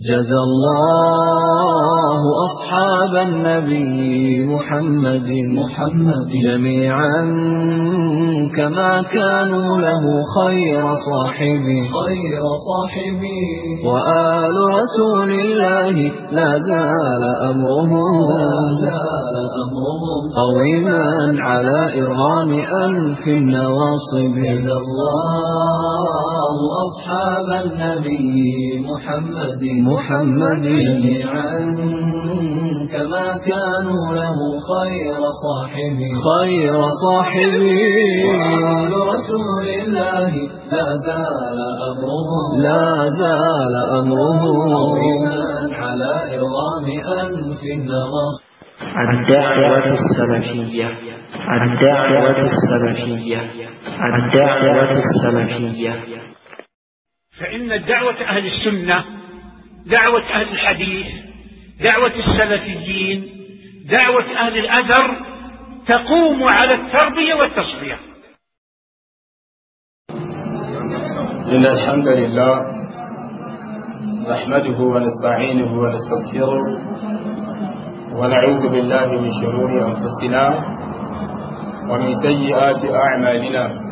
جزى الله أصحاب النبي محمد محمد جميعا كما كانوا له خير صاحبي خير صاحبي وآل رسول الله لا زال أمرهم لا زال أمرهم قويما على إرغام ألف النواصب جزى الله الله أصحاب النبي محمد محمد جميعا كما كانوا له خير صاحبي خير صاحبي وآل رسول الله لا زال أمره لا زال أمره على إرغام أنف النمص الدعوة السلفية الدعوة السلفية الدعوة السلفية فإن دعوة أهل السنة دعوة أهل الحديث دعوة السلفيين دعوة أهل الأثر تقوم على التربية والتصفية إن الحمد لله نحمده ونستعينه ونستغفره ونعوذ بالله من شرور أنفسنا ومن سيئات أعمالنا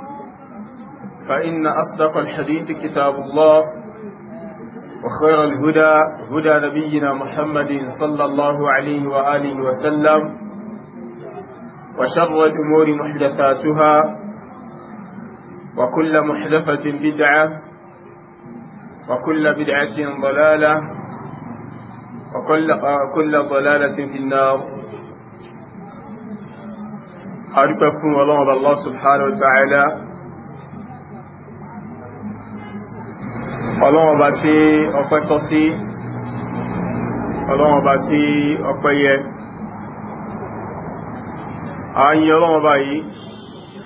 فإن أصدق الحديث كتاب الله وخير الهدى هدى نبينا محمد صلى الله عليه وآله وسلم وشر الأمور محدثاتها وكل محدثة بدعة وكل بدعة ضلالة وكل كل ضلالة في النار أرجوكم والله الله سبحانه وتعالى ọlọ́wọ́n bá tí ọpẹ́ tọ́ sí ọlọ́wọ́n bá tí ọpẹ́ yẹ a ọlọ́wọ́n bá yìí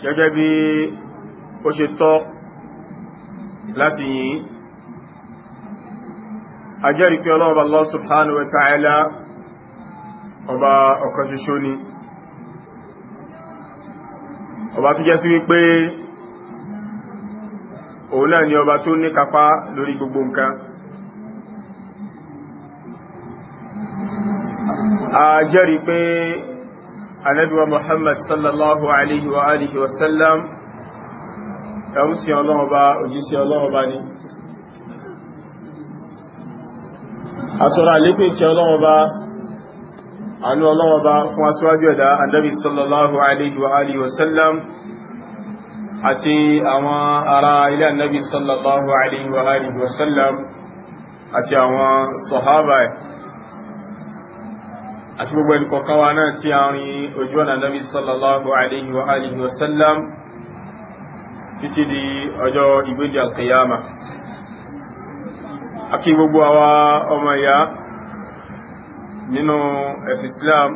gẹ́gẹ́ bí ó ṣe tọ́ láti yìn a pé ọlọ́wọ́n bá Allah subhanahu wa ta'ala ọba ọ̀kan ṣoṣo ni ọba tó jẹ́ sí wípé òun náà ni ọba tó ní kápá lórí gbogbo nǹkan a jẹ́rìí pé anẹ́bíwa Muhammad sallallahu alaihi wa alihi wasallam ẹ̀rù sí ọlọ́ọba òjíṣẹ́ ọlọ́ọba ni àtọ́rọ àlékún ìkẹ́ ọlọ́ọba àánú ọlọ́ọba fún aṣíwájú ẹ̀dá anẹ́bí sallallahu alaihi wa alihi wasallam àti àwọn ará ilé annabi sallallahu alaihi wa alihi wa sallam àti àwọn sọ̀hábà àti gbogbo ẹnìkọ̀ọ́káwà náà tí a rin ojú ọ̀nà annabi sallallahu alaihi wa alihi wa sallam títí di ọjọ́ ìgbéjà alkiyama àkí gbogbo àwa ọmọ ìyá nínú ẹ̀sìn Islam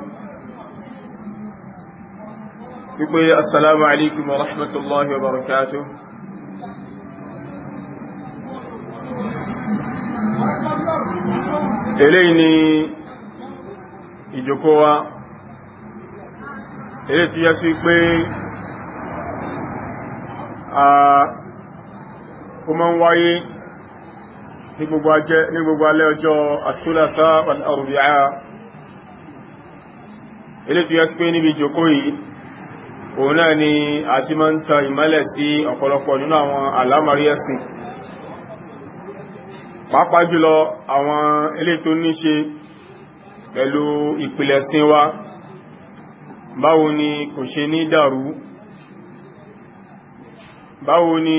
wípé assalamu alaikum wa rahmatullahi wa barakatuh eléyìí ni ìjókòó wa eléyìí tí yá sí pé a ó máa ń wáyé ní gbogbo alẹ́ ọjọ́ àtúlàtà wal arbi'a eléyìí tí yá sí pé níbi ìjókòó yìí òun náà ni a ti máa ń tan ìmọ́lẹ̀ sí ọ̀pọ̀lọpọ̀ nínú àwọn àlámàrí ẹ̀sìn pàápàá jùlọ àwọn eléyìí tó ní ṣe pẹ̀lú ìpìlẹ̀sìn wa báwo ni kò ṣe ní dàrú báwo ni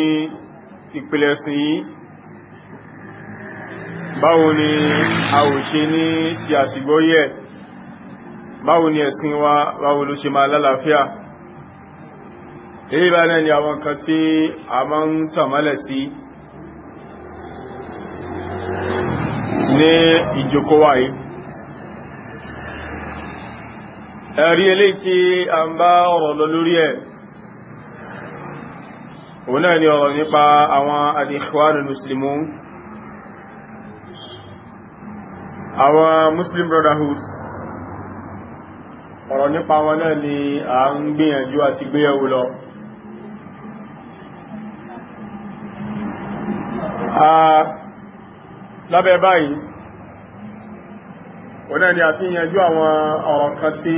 ìpìlẹ̀sìn yìí báwo ni a ò ṣe ní sí àsìgbóyẹ̀ báwo ni ẹ̀sìn wa báwo ló ṣe máa lálàáfíà èyí bá náà ni àwọn kan tí a máa ń tàmálẹ̀ sí ní ìjókòó wa yìí ẹ̀rí eléyìí tí a ni ọ̀rọ̀ nípa àwọn al-Ikhwanul Muslimun àwọn Muslim Brotherhood ọ̀rọ̀ nípa wọn ni a ń gbìyànjú àti gbéyẹ̀wò lọ lábẹ́ báyìí òun náà ni a àwọn kan tí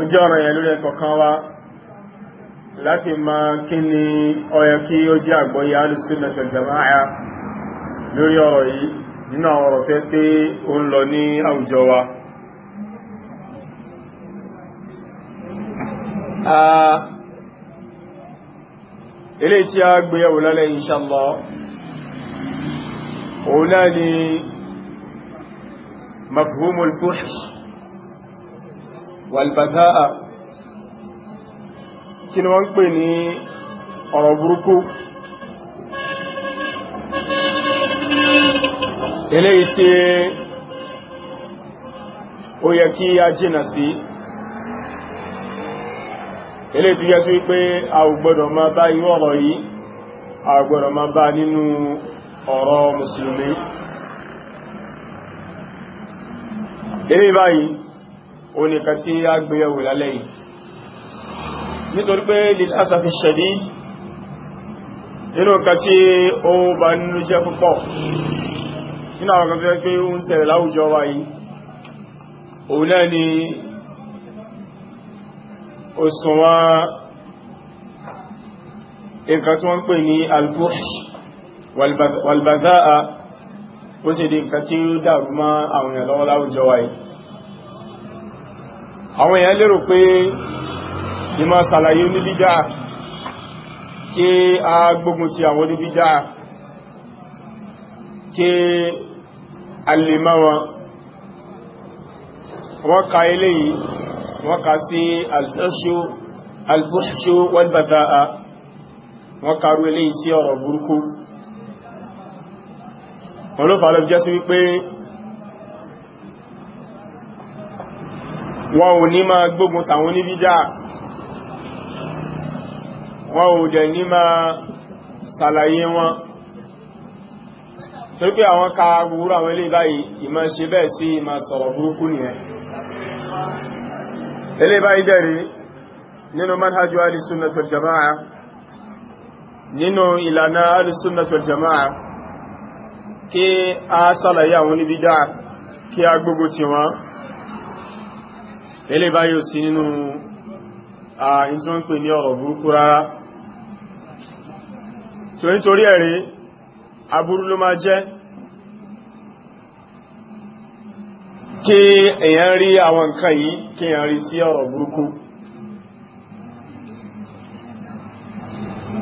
ó jẹ́ ọ̀rọ̀ lórí wá ma kí ni kí ó jẹ́ lórí ọ̀rọ̀ yìí nínú àwọn ọ̀rọ̀ fẹ́ pé ó ń lọ ní ilé tí a gbéyàwó lálẹ́ inṣàlá òun náà ni mafhumul fuhsh walbadaa kí ni wọ́n ń pè ní ọ̀rọ̀ burúkú ilé tí ó yẹ kí a jìnà sí si ilé tó yẹ́ sí pé a ò gbọ́dọ̀ máa bá irú ọ̀rọ̀ yìí a ò gbọ́dọ̀ máa bá nínú ọ̀rọ̀ mùsùlùmí ilé báyìí o nìkan tí a gbéyẹ̀wò lálẹ́ yìí nítorí pé lílásàfi ṣẹ̀dí nínú nǹkan tí ó bá nínú jẹ́ púpọ̀ nínú àwọn kan fẹ́ pé ó ń ṣẹlẹ̀ láwùjọ wa òun náà ni òsùnwọ́n nǹkan tí wọ́n pè ní albush walbaza'a ó sì di nǹkan tí ó dàrú mọ́ àwọn èèyàn lọ́wọ́ láwùjọ wáyé àwọn èèyàn lérò pé ìmọ̀ sàlàyé oníbídá kí a gbógun ti àwọn oníbídá kí a lè máa wọn ka eléyìí wọ́n kà sí alfúṣù wal-batha'a wọ́n kàrú ilé isi ọ̀rọ̀ burúkú olófàálọ́ jẹ́ sí wípé wọ́n ò ní máa gbógun tàwọn oníbídá wọ́n ò dẹ̀ ní máa sàlàyé wọn torí pé àwọn ka gbogbo àwọn ilé báyìí ìmọ̀ ṣe bẹ́ẹ̀ sí ìmọ̀ sọ̀rọ̀ burúkú nìyẹn ilé báyìí dẹ̀rí nínú manhajjú alìsúnnàtì wal jama'a nínú ìlànà alìsúnnàtì wal jama'a kí a sàlàyé àwọn oníbídá kí a gbogbo ti wọn ilé báyìí ò sí nínú àìsànpè ní ọ̀rọ̀ burúkú rárá tí ó nítorí ẹ̀rí aburú ló máa kí èyàn rí àwọn nǹkan yìí kí èyàn rí sí ọ̀rọ̀ burúkú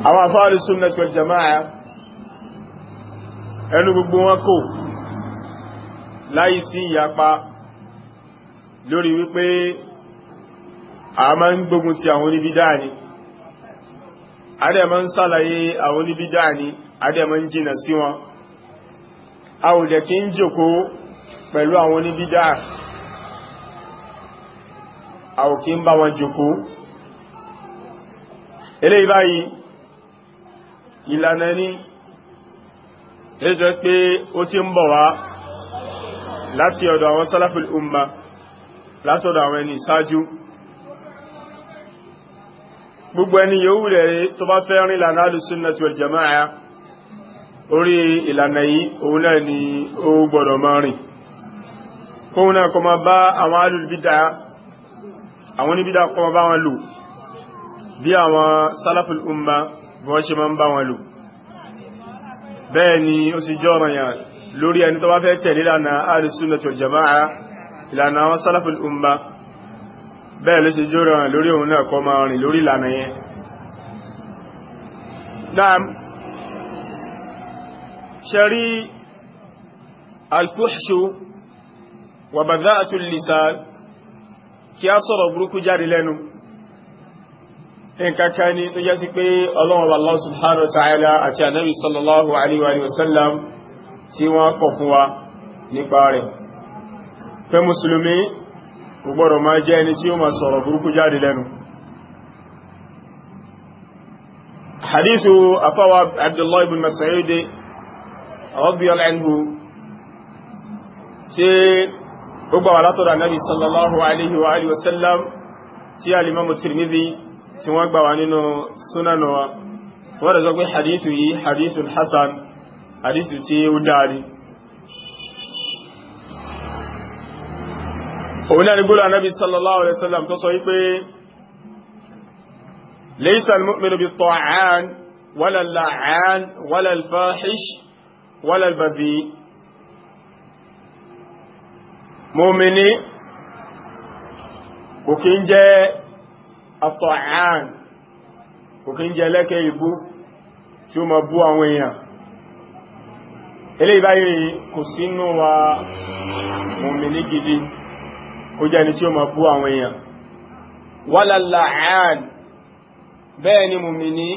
àwọn afáàlì sunnah wal jama'a ẹnu gbogbo wọn kò láì sí ìyapa lórí wípé a máa ń gbógun ti àwọn oníbídá ni adẹ́ máa ń sàlàyé àwọn oníbídá ni adẹ́ máa ń jìnà sí wọn a kí ń jòkó pẹ̀lú àwọn oníbídá àwòkí ń bá wọn jòkó eléyìí báyìí ìlànà ní ẹjọ́ pé ó ti ń bọ̀ wá láti ọ̀dọ̀ àwọn sálàfil umma láti ọ̀dọ̀ àwọn ẹni ìsájú gbogbo ẹni yóò rẹ̀ tó bá fẹ́ rìn ìlànà alùsùnnàtì wal jama'a orí ìlànà yìí òun náà ni ó gbọ́dọ̀ máa rìn kóhun náà kọ ma bá àwọn alùbídà àwọn oníbídà kọ ma bá wọn lò bí àwọn salaful umma bí wọ́n ṣe ma ń bá wọn lò bẹ́ẹ̀ ni ó sì jọ ọ̀rọ̀ yàn lórí ẹni tó bá fẹ́ tẹ̀lé ìlànà al-sunnah wal ìlànà àwọn salaful umma bẹ́ẹ̀ ló ṣe jọ ọ̀rọ̀ lórí òun náà kọ rìn lórí ìlànà yẹn Naam ṣe rí alfuhshu wa badha'atul lisan kí a sọ̀rọ̀ burúkú jáde lẹ́nu nǹkankan ni tó jẹ́ sí pé ọlọ́run Allah subhanahu wa ta'ala àti ànábì sallallahu alaihi wa sallam tí wọ́n kọ̀ fún wa nípa rẹ̀ pé mùsùlùmí kò gbọ́dọ̀ jẹ́ ẹni tí ó máa sọ̀rọ̀ burúkú jáde lẹ́nu hadithu afawa abdullahi ibn mas'ud radiyallahu anhu tí ó gbà wà látọ̀dọ̀ anábi sallallahu alaihi wa alihi wasallam tí alimamu tirmidhi tí wọ́n gbà wà nínú súnanà wa wọ́n da sọ pé hadithu yìí hadithu hasan hadithu tí ó dáadé òun ni gbọ́lá anábi sallallahu alaihi wasallam tó sọ wípé ليس المؤمن بالطاعان ولا اللعان ولا الفاحش ولا البذيء mọ́mìnì kò kí ń jẹ́ àtọ̀án kò kí ń jẹ́ lẹ́kẹ́ ìbú tí ó ma bú àwọn èèyàn eléyìí báyìí kò sínú wa mọ́mìnì gidi kó jẹ́ ni tí ó ma bú àwọn èèyàn wálàláàán bẹ́ẹ̀ ni mọ́mìnì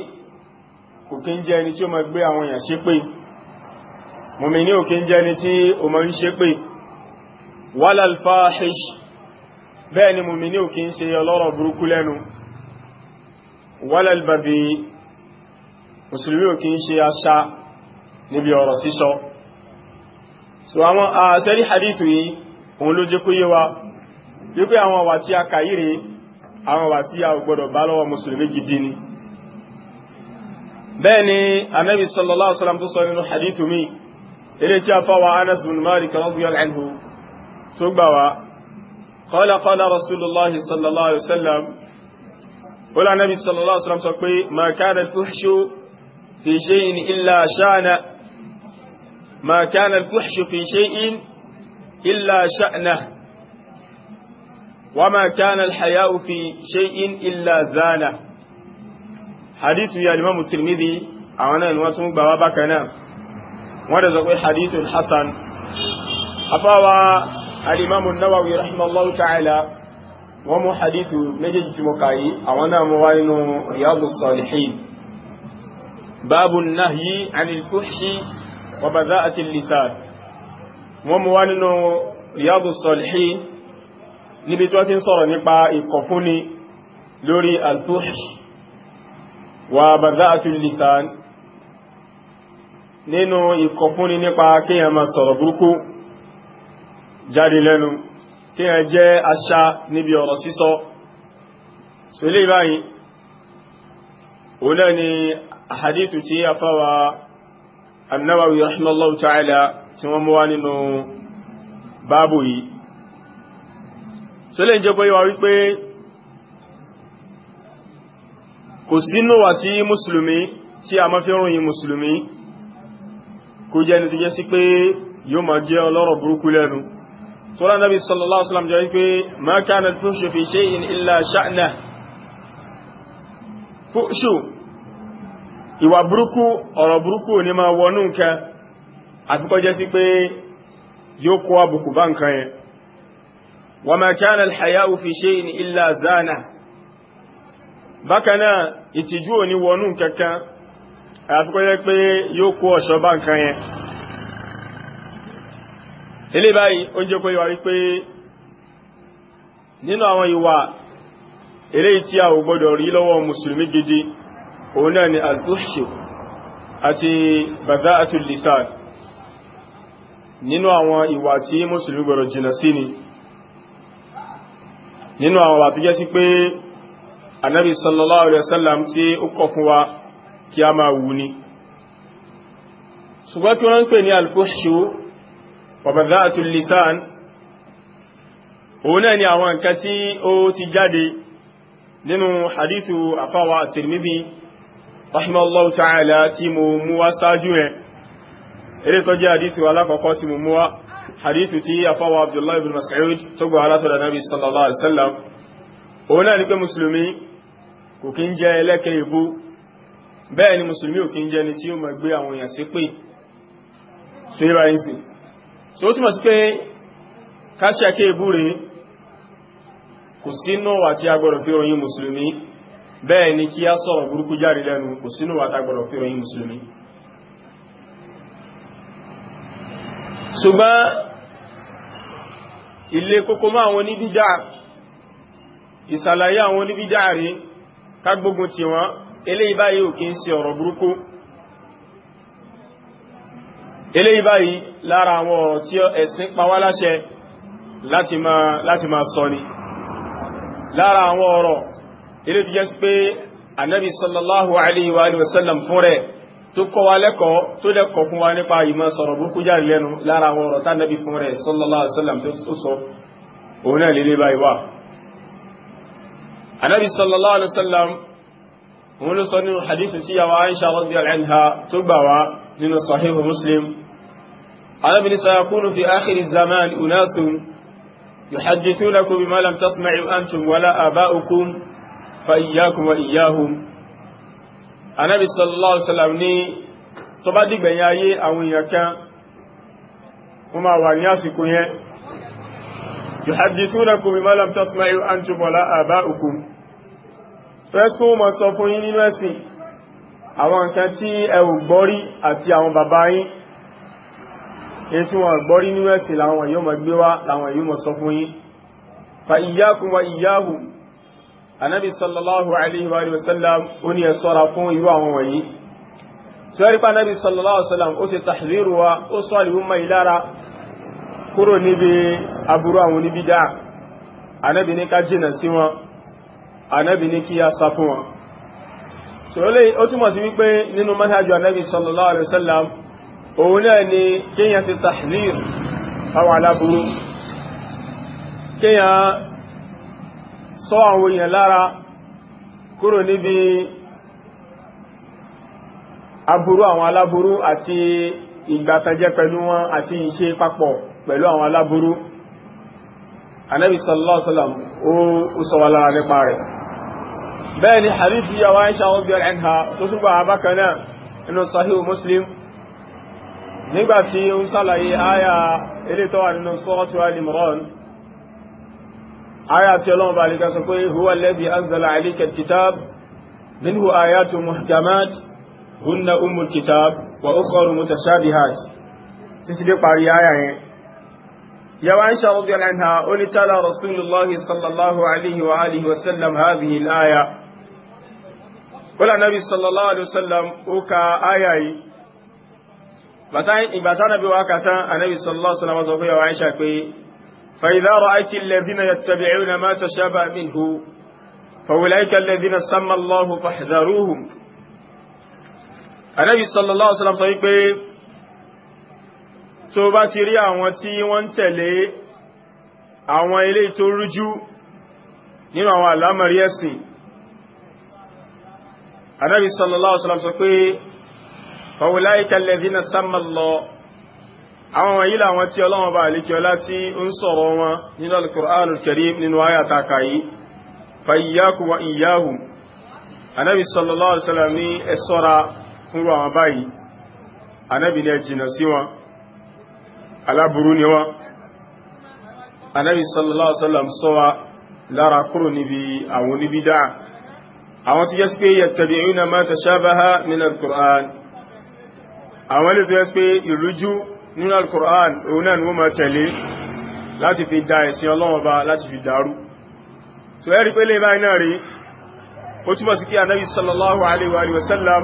kò kí ń jẹ́ ni tí ó ma gbé àwọn èèyàn ṣépè mọ́mìnì ò kí ń jẹ́ ni tí ó ma ń ṣépè wala al-fahish bẹ́ẹ̀ ni mùmínì ò kí ń ṣe ọlọ́rọ̀ burúkú lẹ́nu wala al-babi mùsùlùmí ò kí ń ṣe aṣá níbi ọ̀rọ̀ sísọ so àwọn àṣẹ́rí hadithu yìí òun ló jẹ́ kó yé wa wípé àwọn wà tí a kàyíre àwọn wà tí a gbọdọ̀ bá lọ́wọ́ mùsùlùmí gidi ni bẹ́ẹ̀ ni sallallahu alaihi wasallam tó sọ nínú hadithu mi ilé tí a fáwa Anas bin Malik radiyallahu anhu tó gbà wá qala qala rasulullahi sallallahu alaihi wasallam ó lá nabi sallallahu alaihi wasallam sọ pé ma kana al-fuhshu fi shay'in illa sha'na ma kana al-fuhshu fi shay'in illa sha'na wa ma kana al-haya'u fi shay'in illa zana hadithu ya limamu tirmidhi àwọn náà ni wọ́n tún gbà wá bákan náà wọ́n hasan afáwa alimamu nawawi rahimallahu ta'ala wọ́n mú hadithu méjèèjì tí mo kà yìí àwọn náà mú wá nínú riyadu salihin báàbù nahyi anil fuhshi wa badha'ati lisan wọ́n mú wá nínú riyadu salihin níbi tí wọ́n ti ń sọ̀rọ̀ nípa ìkọ̀fúnni lórí alfuhsh wa badha'ati lisan nínú ìkọ̀fúnni nípa kíyàn máa sọ̀rọ̀ burúkú jáde lẹ́nu kí ẹ jẹ́ aṣá níbi ọ̀rọ̀ sísọ so ilé ìbáyìí òun náà ni àhàdìsù tí a fáwà annawawi rahimallahu ta'ala tí wọ́n mú wá nínú báàbù yìí so lè jẹ́ bóyá wípé kò sínú wà tí mùsùlùmí tí a máa fi ròyìn mùsùlùmí kó jẹ́ ní tó jẹ́ sí pé yóò máa jẹ́ ọlọ́rọ̀ burúkú lẹ́nu tọ́lá nàbí sallallahu alaihi wasallam jẹ́ wípé ma kana al-fuhshu fi shay'in illa sha'nahu fuhshu ìwà burúkú ọ̀rọ̀ burúkú ní ma wọnú nǹkan àfikọ́ jẹ́ sí pé yóò kó àbùkù bá nǹkan yẹn wa ma kana al-haya'u fi shay'in illa zanahu bákan ìtìjú ò ní wọnú nǹkan kan àfikọ́ jẹ́ pé yóò kó ọ̀ṣọ́ bá nǹkan yẹn ilé báyìí ó ń jẹ́ kó yíwa wípé nínú àwọn ìwà eléyìí tí a ò gbọ́dọ̀ rí lọ́wọ́ mùsùlùmí gidi òun náà ni al-fuhshu àti badha'atul lisan nínú àwọn ìwà tí mùsùlùmí gbọ́dọ̀ jìnà sí ni nínú àwọn wà tó jẹ́ sí pé anábi sallallahu alaihi wasallam tí ó kọ̀ fún wa kí a máa wù ni ṣùgbọ́n kí wọ́n ń pè ní al wàbàdáàtù lisan òun náà ni àwọn nǹkan tí ó ti jáde nínú hadithu àfáwà tìrmìdì rahimallahu ta'ala tí mo mú wá sáájú rẹ̀ eré tó jẹ́ hadithu alákọ̀ọ́kọ́ tí mo mú wá hadithu tí àfáwà abdullahi ibn mas'ud tó gbà alásọ̀dà nabi sallallahu alaihi wasallam òun náà ni pé musulmi kò kí ń jẹ ẹlẹ́kẹ̀ ìbú bẹ́ẹ̀ ni musulmi ò kí ń jẹ ni tí ó máa gbé àwọn èèyàn sí pé ṣe é báyìí so ó túnmọ̀ sí pé káṣíàkẹ́ ìbúre kò sínú àti agbọ̀rọ̀ fi ròyìn mùsùlùmí bẹ́ẹ̀ ni kí a sọ̀rọ̀ burúkú járe lẹ́nu kò sínú àti agbọ̀rọ̀ fi ròyìn mùsùlùmí ṣùgbọ́n ilé kókó máa wọn ní dídá ìsàlàyé àwọn oníbídá rí kágbógun ti wọn eléyìí báyìí ò ń ṣe ọ̀rọ̀ burúkú eléyìí báyìí lára àwọn ọ̀rọ̀ tí ẹ̀sìn pa wá láṣẹ láti máa láti máa sọ ni lára àwọn ọ̀rọ̀ eléyìí tó jẹ́ sí pé anábi sallallahu alaihi wa sallam fún rẹ̀ tó kọ́ wa lẹ́kọ̀ọ́ tó lẹ́kọ̀ọ́ fún wa nípa ìmọ̀ sọ̀rọ̀ burúkú járe lẹ́nu lára àwọn ọ̀rọ̀ tá nábi fún rẹ̀ sallallahu alaihi wa sallam tó sọ òun sahihu Muslim arábìnrin sayakunu fi ákìrí zaman unasun yuhaddithunakum bima lam tasma'u antum wala aba'ukum fa iyyakum wa iyyahum anábi sallallahu alaihi wasallam ní tó bá dìgbẹ̀yìn ayé àwọn èèyàn kan wọ́n máa wà ní àsìkò yẹn bima lam tasma'u antum wala aba'ukum fẹ́sùn ó mọ̀ sọ fún yín nínú ẹ̀sìn àwọn nǹkan tí ẹ ò gbọ́ rí àti àwọn èyí tí wọ́n gbọ́rí nínú ẹ̀sìn làwọn yóò mọ̀ gbé wá làwọn yóò mọ̀ sọ fún yín fa iyyakum wa iyyahum anábì sallallahu alaihi wa sallam ó ní ẹ ṣọ́ra fún irú àwọn wọ̀nyí sọ́rípa anábì sallallahu alaihi wa sallam ó sì tahdhiru wa ó sọ àlùmọ̀ ìlara kúrò níbi aburú àwọn òun náà ni kíyàn sí tahzir àwọn aláburú kíyàn sọ àwọn èèyàn lára kúrò níbi aburú àwọn aláburú àti ìgbàtànjẹ pẹ̀lú wọn àti ìṣe papọ̀ pẹ̀lú àwọn aláburú anábi sallallahu alaihi wasallam ó sọ wá lára nípa rẹ̀ bẹ́ẹ̀ ni hadith yíya wáyé ṣàwọn tó túnbà abákanáà inú sahihu muslim nígbàtí ó ń sàlàyé àyà elétọ́wà nínú sọ́ọ̀tù alìmọ̀rán àyà tí ọlọ́run bá lẹ́gbà sọ pé huwa alladhi anzala alayka alkitab minhu ayatu muhkamat hunna ummul kitab wa ukhra mutashabihat títí dé parí àyà yẹn yawa Aisha radiyallahu anha ó rasulullahi sallallahu alaihi wa alihi wa sallam hadhihi al-aya wala nabi sallallahu alaihi wa sallam ó ka àyà yìí ìgbàtánà bí wá kàtán anábi sallallahu alaihi wasallam sọ fún yàwó Aisha pé فإذا رأيت الذين يتبعون ما تشابه منه فأولئك الذين سمى الله فاحذروهم النبي صلى الله عليه وسلم sọ wípé tó sallallahu alaihi wasallam sọ pé فأولئك الذين سمى الله àwọn wọ̀nyí làwọn tí ọlọ́wọ́n bá àlékí ọlá tí ń sọ̀rọ̀ wọn nínú al-Qur'anul Karim nínú ayà takayi fayyakum wa iyyahum anábi sallallahu alaihi wasallam ní ẹ ṣọ́ra fún àwọn báyìí anábi ní ẹ sí wọn aláburú ni wọn anábi sallallahu alaihi sọ wa lára kúrò níbi àwọn oníbídà àwọn tí yẹ́ sí pé yattabi'una ma tashabaha min al-Qur'an àwọn ilé tó yẹ́ pé ìrújú nínú al-Qur'an òun náà ni wọ́n máa tẹ̀lé láti fi da ẹ̀sìn Ọlọ́run bá láti fi dàrú so ẹ́rí pé lè báyìí náà rí ó túnmọ̀ sí kí anábi sallallahu alaihi wasallam sallam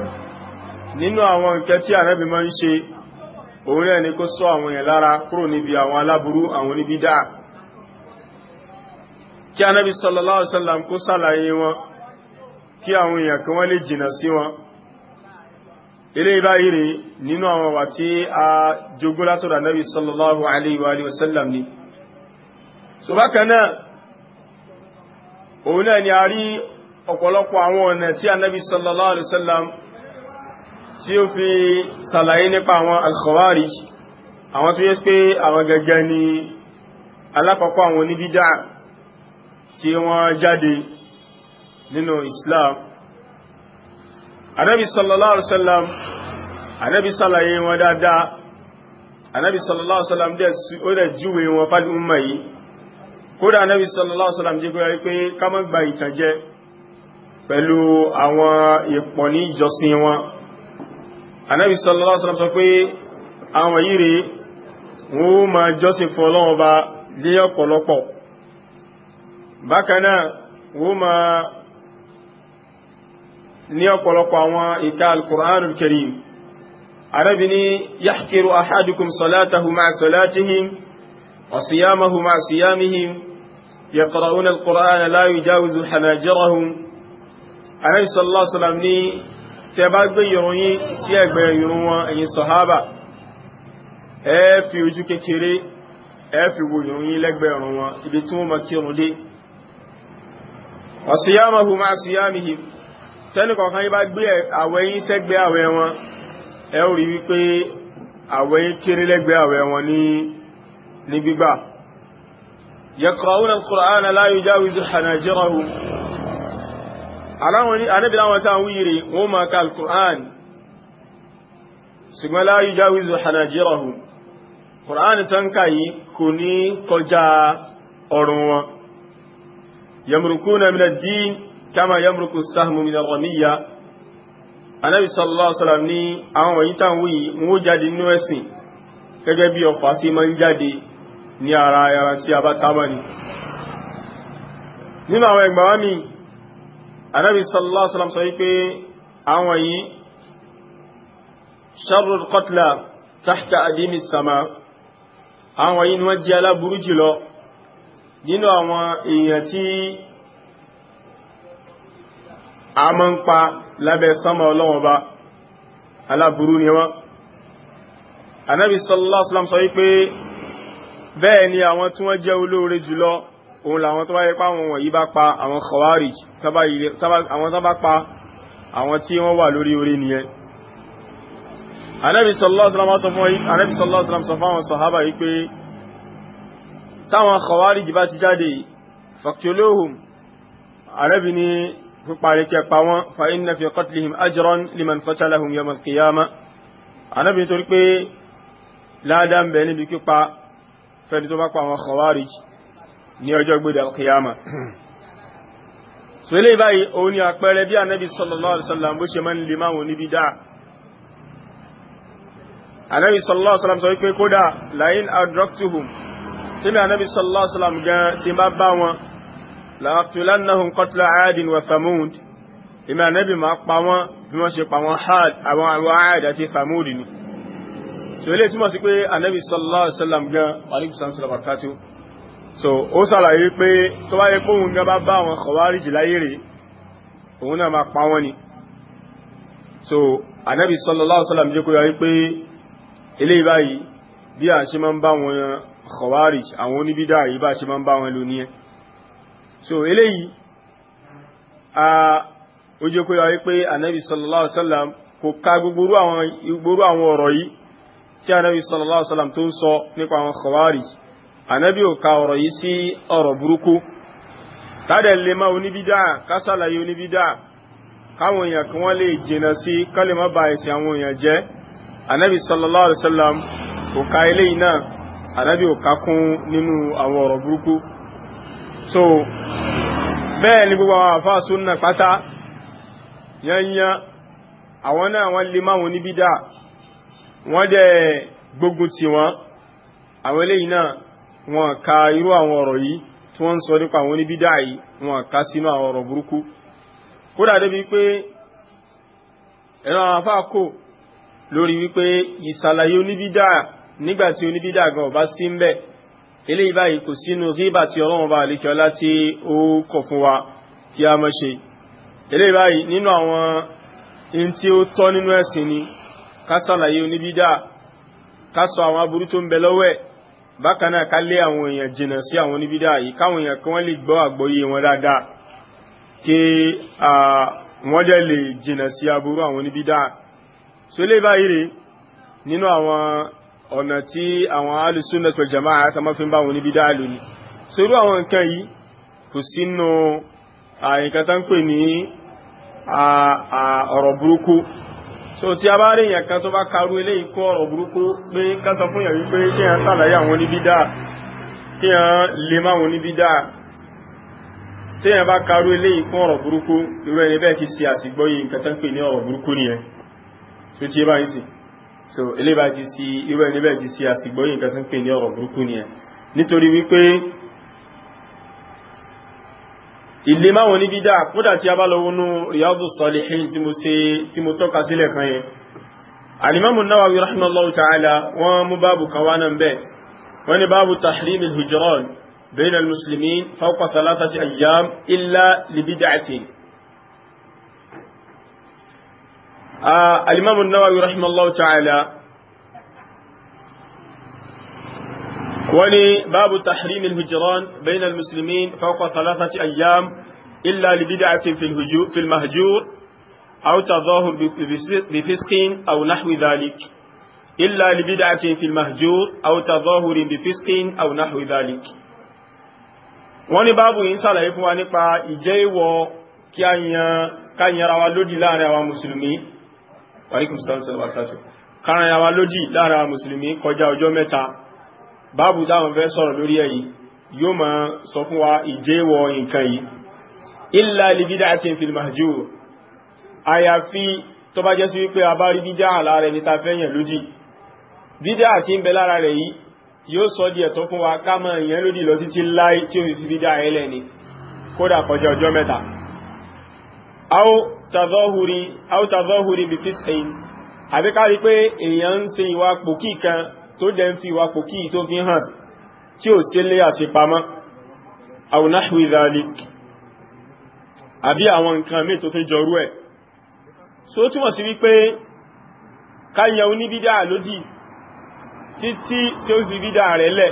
nínú àwọn nǹkan tí anábi máa ń ṣe òun náà ni kó sọ àwọn èèyàn lára kúrò níbi àwọn aláburú àwọn oníbí dáa kí anábi sallallahu alaihi wa sallam kó sàlàyé wọn kí àwọn èèyàn kí wọ́n lè jìnà sí wọn eléyìí báyìí rí nínú àwọn wà tí a jogún látọ̀dọ̀ Nabi sallallahu alaihi wa alihi wasallam ni so bákan náà òun náà ni a rí ọ̀pọ̀lọpọ̀ àwọn ọ̀nà tí Annabi sallallahu alaihi wasallam tí ó fi sàlàyé nípa àwọn al àwọn tó yẹ pé àwọn gẹ́gẹ́ ni alákọ̀ọ́kọ́ àwọn oníbídà tí wọ́n jáde nínú Islam anábi sallallahu alaihi wasallam anábi sàlàyé wọn dáadáa anábi sallallahu alaihi wasallam dẹ̀ ó dẹ̀ júwe wọn fáli umma yìí kódà anábi sallallahu alaihi wasallam jẹ́ kó yẹ pé ká má gba ìtànjẹ pẹ̀lú àwọn ìpọ̀ ní ìjọsìn wọn anábi sallallahu alaihi wasallam sọ pé àwọn yìí rèé wọ́n ó máa jọ́sìn fún ọlọ́run ọba lé ọ̀pọ̀lọpọ̀ bákan náà ní ọ̀pọ̀lọpọ̀ àwọn ìka alkùránù karim arábi ní yahkiru ahadukum salatahu ma salatihim wa siyamahu ma siyamihim yaqra'una alqur'ana la yujawizu hanajirahum arábi sallallahu alaihi wasallam ní tẹ bá gbé ìròyìn sí ẹgbẹ́ ìrun wọn ẹ̀yin sàhábà ẹ fi ojú kékeré ẹ fi wo ìròyìn lẹ́gbẹ̀ẹ́ ìrun tẹ́nìkọ̀ọ̀kan yí bá gbé àwẹ̀ yín sẹ́gbẹ́ àwẹ̀ wọn ẹ ó rí wípé àwẹ̀ yín kéré lẹ́gbẹ́ àwẹ̀ wọn ní ní gbígbà yaqra'una al-Qur'ana la yujawizu hanajirahum aláwọn anábìlá wọn tán wíire wọ́n máa ka quran ṣùgbọ́n la yujawizu hanajirahum Qur'an tán káyí kò ní kọjá ọrùn wọn yamrukuna min ad kama yamruku sahmu min al-ghamiya anabi sallallahu alaihi wasallam ní àwọn wọ̀nyí tan wí mú jáde nínú ẹ̀sìn gẹ́gẹ́ bí ọfà sí man jáde ní ara ara tí a bá tamani nínú àwọn ẹgbà wa mi anabi sallallahu alaihi wasallam sọ wí pé àwọn wọ̀nyí sharrul qatla tahta adimi sama àwọn wọ̀nyí ni wọ́n jẹ́ aláburú jùlọ nínú àwọn èèyàn tí a máa ń pa lábẹ́ sánmà ọlọ́wọ́n bá aláburú ni wọ́n anábi sallallahu alaihi wasallam sọ wípé bẹ́ẹ̀ ni àwọn tí wọ́n jẹ́ olóore jùlọ òun làwọn tó bá yẹ pa àwọn wọ̀nyí bá pa àwọn khawarij àwọn tó pa àwọn tí wọ́n wà lórí orí nìyẹn anábi sallallahu alaihi wasallam sọ fún àwọn sàhábà wípé táwọn khawarij bá ti jáde faqtuluhum anábi ni píparí kẹ pa wọn fa inna fi qatlihim ajran liman qatalahum yawm al-qiyamah anábì nítorí pé ládá ń bẹ níbi pípa fẹ́ni tó bá pa àwọn khawarij ní ọjọ́ gbéde al-qiyamah sọlẹ́ báyìí òun ni àpẹẹrẹ bí anábì sallallahu alaihi bó ṣe máa ń lè máa wọn níbi dáa anábì sallallahu alaihi sọ wípé kódà la'in adraktuhum tí anábì sallallahu alaihi gan ti bá bá wọn làtúlánàhùn kọtùlá àádìn wà samud ìmọ̀ ànábì máa pa wọ́n bí wọ́n ṣe pa wọ́n hàd àwọn àwọn àád àti samud ni so ilé túmọ̀ sí pé ànábì sallallahu alaihi wasallam gan wàlíkù sàmùsùlọ̀ bàkátù so ó ṣàlàyé pé tó bá yẹ kóhun gan bá bá àwọn kọ̀wárìjì láyé rè òun náà máa pa wọ́n ni so pé ilé báyìí bí a ṣe máa ń bá wọn kọ̀wárìjì àwọn oníbídà yìí ṣe máa ń bá wọn lò níyẹn so eléyìí a ó jẹ́ kó yà anabi sallallahu alaihi wasallam kò ka gbogbo àwọn ìgboro àwọn ọ̀rọ̀ yìí tí anabi sallallahu alaihi wasallam tó ń sọ nípa àwọn anabi ò ka ọ̀rọ̀ yìí sí ọ̀rọ̀ burúkú tádẹ̀ lè má oníbídà kásàlàyé oníbídà káwọn èèyàn kí wọ́n lè jìnà sí kálẹ̀ má ba ẹ̀sìn àwọn èèyàn jẹ́ anabi sallallahu alaihi wasallam kò ka eléyìí náà anabi ò ka kún nínú àwọn ọ̀rọ̀ burúkú so bẹ́ẹ̀ ni gbogbo àwọn àfáà súnnà pátá yanyan àwọn náà wọ́n lè máwọn oníbídà wọ́n dẹ̀ gbógun ti wọ́n àwọn eléyìí náà wọ́n ka irú àwọn ọ̀rọ̀ yìí tí wọ́n ń sọ nípa àwọn oníbídà yìí wọ́n ka sínú àwọn ọ̀rọ̀ burúkú kódà débi pé ẹ̀rọ àwọn àfáà kò lórí wípé ìsàlàyé oníbídà nígbàtí oníbídà gan ọba sí ń bẹ́ẹ̀ eléyìí báyìí kò sínú ríbà tí ọlọ́run bá àlékẹ́ ọlá tí ó kọ̀ fún wa kí a mọ́ ṣe eléyìí báyìí nínú àwọn in tí ó tọ́ nínú ẹ̀sìn ni ká sàlàyé oníbídà ká sọ àwọn aburú tó ń bẹ lọ́wọ́ ẹ̀ bákan náà ká lé àwọn èèyàn jìnnà sí àwọn oníbídà yìí káwọn èèyàn kí wọ́n lè gbọ́ àgbọ́yé wọn dáadáa kí wọ́n dẹ̀ lè jìnnà sí aburú àwọn oníbídà so eléyìí báyìí rèé nínú àwọn ọ̀nà tí àwọn alùsùnà tó jama àyàtà máa fi ń bá wọn níbi dáàlù ni so irú àwọn nǹkan yìí kò sínú àyíká tán pè ní ọ̀rọ̀ burúkú so tí a bá rí èèyàn kan tó bá karú eléyìí kó ọ̀rọ̀ burúkú pé ká sọ fún èèyàn wípé kí èèyàn sàlàyé àwọn níbi dáà kí èèyàn lè má wọn níbi dáà tí èèyàn bá karú eléyìí kó ọ̀rọ̀ burúkú irú ẹni bẹ́ẹ̀ ti ṣe àsìgbọ́yé nǹkan tán pè ní ọ̀rọ̀ burúkú nìyẹn tó ti yé báyìí sí so eléba ti sí irú ẹni bẹ́ẹ̀ ti sí àsìgbọ́yìn nǹkan tó ń pè ní ọ̀rọ̀ burúkú ni ẹ nítorí wípé ilé máwọn ní bídá kódà tí a bá lọ wọnú Riyadu Salihin tí mo ṣe tí mo tọ́ka sílẹ̀ kan yẹn alimamu Nawawi rahimahullahu ta'ala wọ́n mú báàbù kan wá náà bẹ́ẹ̀ wọ́n tahrim al-hujran bayna al-muslimin fawqa thalathati ayyam illa libid'atin alimamu nawawi rahimallahu ta'ala wani babu tahrimin hujjiran bainal musulmin fawqa thalathati ayyam illa libida'atin fil mahjur aw tadhahur bi fisqin aw nahwi dhalik illa libida'atin fil mahjur aw tadhahurin bi fisqin aw nahwi dhalik wani babu yin ṣàlàyé fún wa nípa ìjẹ́ ìwọ̀ kí a yan ká yanra wa lódì láàrin àwọn musulmi wàríkùn sọ́lọ́sọ́lọ́ wákàtí kára wa lódì lára mùsùlùmí kọjá ọjọ́ mẹ́ta báàbù dáwọn fẹ́ sọ̀rọ̀ lórí èyí yóò máa sọ fún wa ìjẹ́wọ̀ nǹkan yìí illa li bid'atin fil mahjur àyàfi tó bá jẹ́ sí wípé a bá rí bídá lára ẹni ta fẹ́ yàn lódì bídá tí ń bẹ lára rẹ̀ yìí yóò sọ di ẹ̀tọ́ fún wa ká máa yàn lódì lọ títí láì tí ó fi bídá ẹlẹ́ni kódà kọjá ọjọ́ mẹ́ta au tàzọ́húrí au tàzọ́húrí bí fíṣẹ́yìn àbí ká kan to fi ìwà pòkí tó fi o tí ó sílé àṣepamọ́ au nahwi dhalik abi àwọn nǹkan mí to fi jọrú ẹ̀ so túnmọ̀ sí wípé káyẹ oníbídà lodi títí tí ó fi bídà rẹ̀ lẹ̀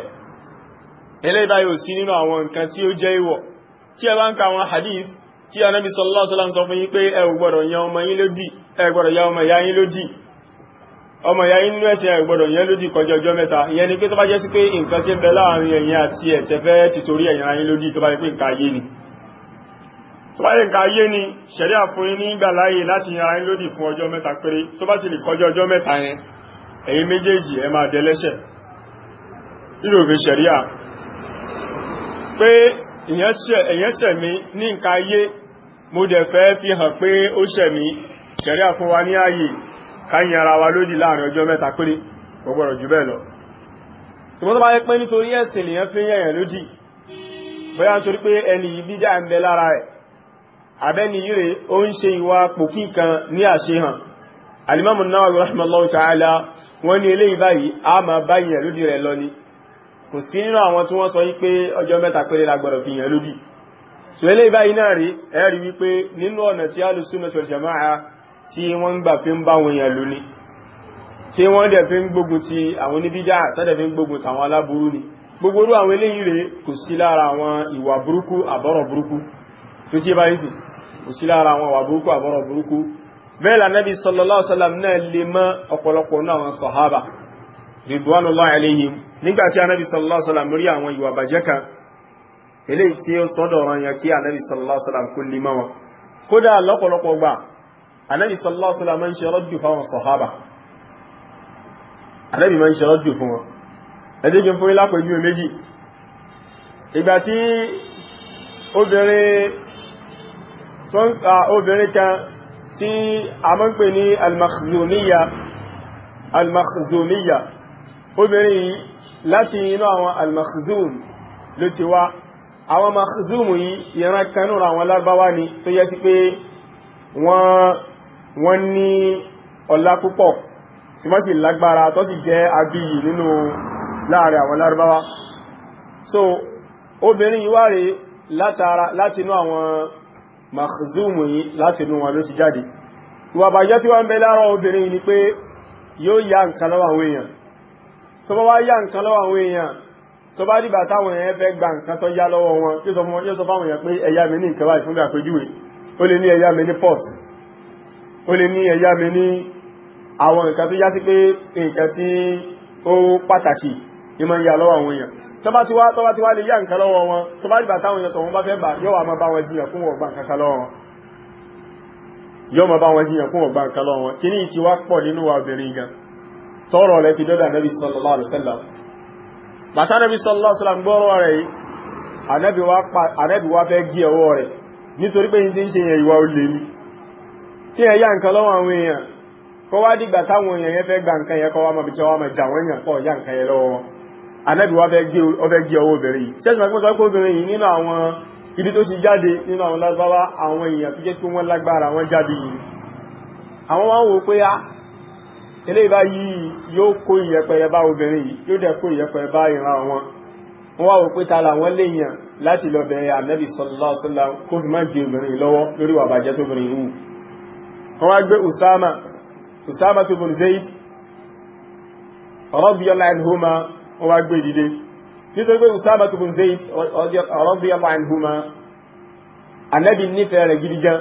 ẹlẹ́bàá hadith tí anábi sallallahu alaihi wasallam sọ fún yín pé ẹ ò gbọ́dọ̀ yan ọmọ yín lódì ẹ ò gbọ́dọ̀ yan ọmọ ìyá yín lódì ọmọ ìyá yín nínú ẹ̀sìn ẹ ò gbọ́dọ̀ yan lódì kọjá ọjọ́ mẹ́ta ìyẹn ni pé tó bá jẹ́ sí pé nǹkan ṣe bẹ láàrin ẹ̀yin àti ẹ̀tẹ̀fẹ́ ti torí ẹ̀yàn ayín lódì tó bá jẹ́ pé nǹkan ayé ni tó bá jẹ́ ni ṣẹ̀ríà fún yín ní ìgbà láàyè láti yan ayín lódì fún ọjọ́ ní nǹkan ayé mo dẹ̀ fẹ́ fi hàn pé ó ṣẹ̀mí ṣẹ̀rí àfún wa ní ààyè káyìn ara wa lódì láàrin ọjọ́ mẹ́ta péré kò gbọ́dọ̀ jù bẹ́ẹ̀ lọ ṣùgbọ́n tó bá yẹ pé nítorí ẹ̀sìn lèyàn fi ń yẹ̀yàn lódì bóyá nítorí pé ẹni yìí bídà ń bẹ lára rẹ̀ abẹ́ni yìí rẹ̀ ó ń ṣe ìwà pòkí kan ní àṣehàn alimamu Nawawi rahimahullahu ta'ala wọ́n ní eléyìí báyìí a máa bá yẹ̀yàn lódì rẹ̀ lọ ni kò sí nínú àwọn tí wọ́n sọ yí pé ọjọ́ mẹ́ta péré la gbọ́dọ̀ fi yẹ̀yàn lódì so eléyìí báyìí náà rí ẹ̀rí ninu nínú ọ̀nà tí alùsùnà wal jama'a tí wọ́n ń gbà fi ń bá wọn yàn lóní tí wọ́n dẹ̀ fi ń gbógun ti àwọn oníbídà tọ́dẹ̀ fi ń gbógun tàwọn aláburú ni gbogbo orú àwọn eléyìí rèé kò sí lára àwọn ìwà burúkú àbọ̀rọ̀ burúkú tó tí báyìí sì kò sí lára àwọn ìwà burúkú àbọ̀rọ̀ burúkú bẹ́ẹ̀ lànàbí sallallahu alaihi wasallam náà lè mọ́ ọ̀pọ̀lọpọ̀ náà àwọn sàhábà ridwanullahi alaihim nígbàtí anábì sallallahu alaihi wasallam rí àwọn ìwà bàjẹ́ eléyìí tí ó sọ́dọ̀ ọ̀ràn yẹn kí anabi sallallahu alayhi wa sallam kó lè mọ́ wọn kódà lọ́pọ̀lọpọ̀ gbà anabi sallallahu alayhi wa sallam máa ń ṣe rọ́dù fáwọn sọ̀hábà anabi máa ń ṣe rọ́dù fún wọn ẹdí kí n fún ilápẹ̀jú méjì ìgbà tí obìnrin kan tí a máa ń pè ní al obìnrin láti inú àwọn al ló ti wá àwọn Makhzum yìí ìran kanúra àwọn lárúbáwá ni tó yẹ sí pé wọ́n ní ọlá púpọ̀ tí wọ́n sì lágbára tó sì jẹ́ abíyì nínú láàrin àwọn lárúbáwá so obìnrin yìí wá rí látinú àwọn Makhzum yìí látinú wọn ló ti jáde ìwà bàjẹ́ tí wọ́n ń bẹ lára obìnrin ni pé yóò yá nǹkan lọ́wọ́ àwọn èèyàn tó bá dìbà táwọn èèyàn fẹ́ gba nǹkan tó yá lọ́wọ́ wọn yóò sọ fún wọn yóò sọ fáwọn èèyàn pé ẹ̀yà mi ní nǹkan báyìí fún bí àpèjúwe ó lè ní ẹ̀yà mi ní pot ó lè ní ẹ̀yà mi ní àwọn nǹkan tó yá sí pé nǹkan tí ó pàtàkì ìmọ̀ ìyà lọ́wọ́ àwọn èèyàn tó bá ti wá tó bá ti wá lè yá nǹkan lọ́wọ́ wọn tó bá dìbà táwọn èèyàn tó wọn bá fẹ́ sallallahu alaihi bàtánàbí sọ́lọ́sọ́lọ́m gbọ́rọ̀ rẹ̀ yìí anẹ́bí wá fẹ́ gí ọwọ́ rẹ̀ nítorí pé nitori ṣe yẹn ìwà olè ní tí ẹ yá nǹkan lọ́wọ́ àwọn èèyàn kọ́ wá dìgbà táwọn gba nǹkan yẹn kọ́ wá mọ̀bí tí wọ́n mọ̀ kọ́ yá nǹkan yẹn lọ́wọ́ fẹ́ gí ọwọ́ yìí pé obìnrin yìí nínú àwọn ibi tó ti jáde nínú àwọn lágbára àwọn èèyàn tó jẹ́ pé wọ́n lágbára jáde yìí àwọn ń ah, eléyìí báyìí yóò kó ìyẹpẹrẹ bá obìnrin yìí yóò dẹ̀ kó ìyẹpẹrẹ bá ìran wọn wọ́n wá wò pé ta làwọn léèyàn láti lọ bẹ̀rẹ̀ ànábì sallallahu alaihi wasallam kó fi má di obìnrin lọ́wọ́ lórí wà bàjẹ́ tó obìnrin wù wọ́n wá gbé Usama Usama tó bùn Zaid radiyallahu anhuma wọ́n wá gbé dìde nítorí pé Usama tó bùn Zaid radiyallahu anhuma ànábì nífẹ̀ẹ́ rẹ̀ gidigan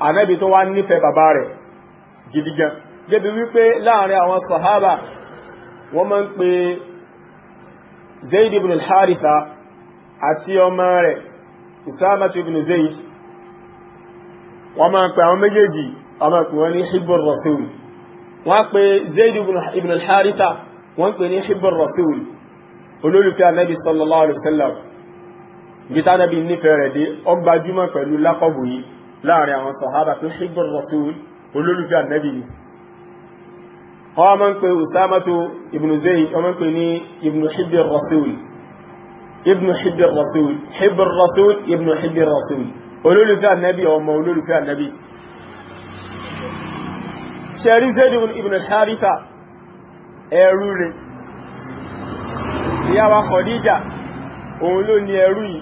ànábì tó wá nífẹ̀ẹ́ bàbá rẹ̀ gidigan débi wípé láàrin àwọn sahaba wọ́n máa ń pè zaid ibn al-haritha àti ọmọ rẹ̀ isamatu ibn zaid wọ́n máa ń pè àwọn méjèèjì ọmọ pè wọ́n ní hibbur rasul wọ́n pè zaid ibn al-haritha wọ́n pè ní hibbur rasul olólùfẹ́ anabi sallallahu alaihi wasallam gita nabi nífẹ̀ẹ́ rẹ̀ dé olólùfẹ́ anabi ni wọ́n máa ń pè Usamatu ibn Zayd wọ́n máa ń pè ní ibn Hibir Rasul ibn Hibir Rasul Hibir Rasul ibn Hibir Rasul olólùfẹ́ ànábì ọmọ olólùfẹ́ ànábì ṣẹ̀rí Zayd ibn Haritha ẹrú rẹ̀ ìyá wa Khadija òun ló ní ẹrú yìí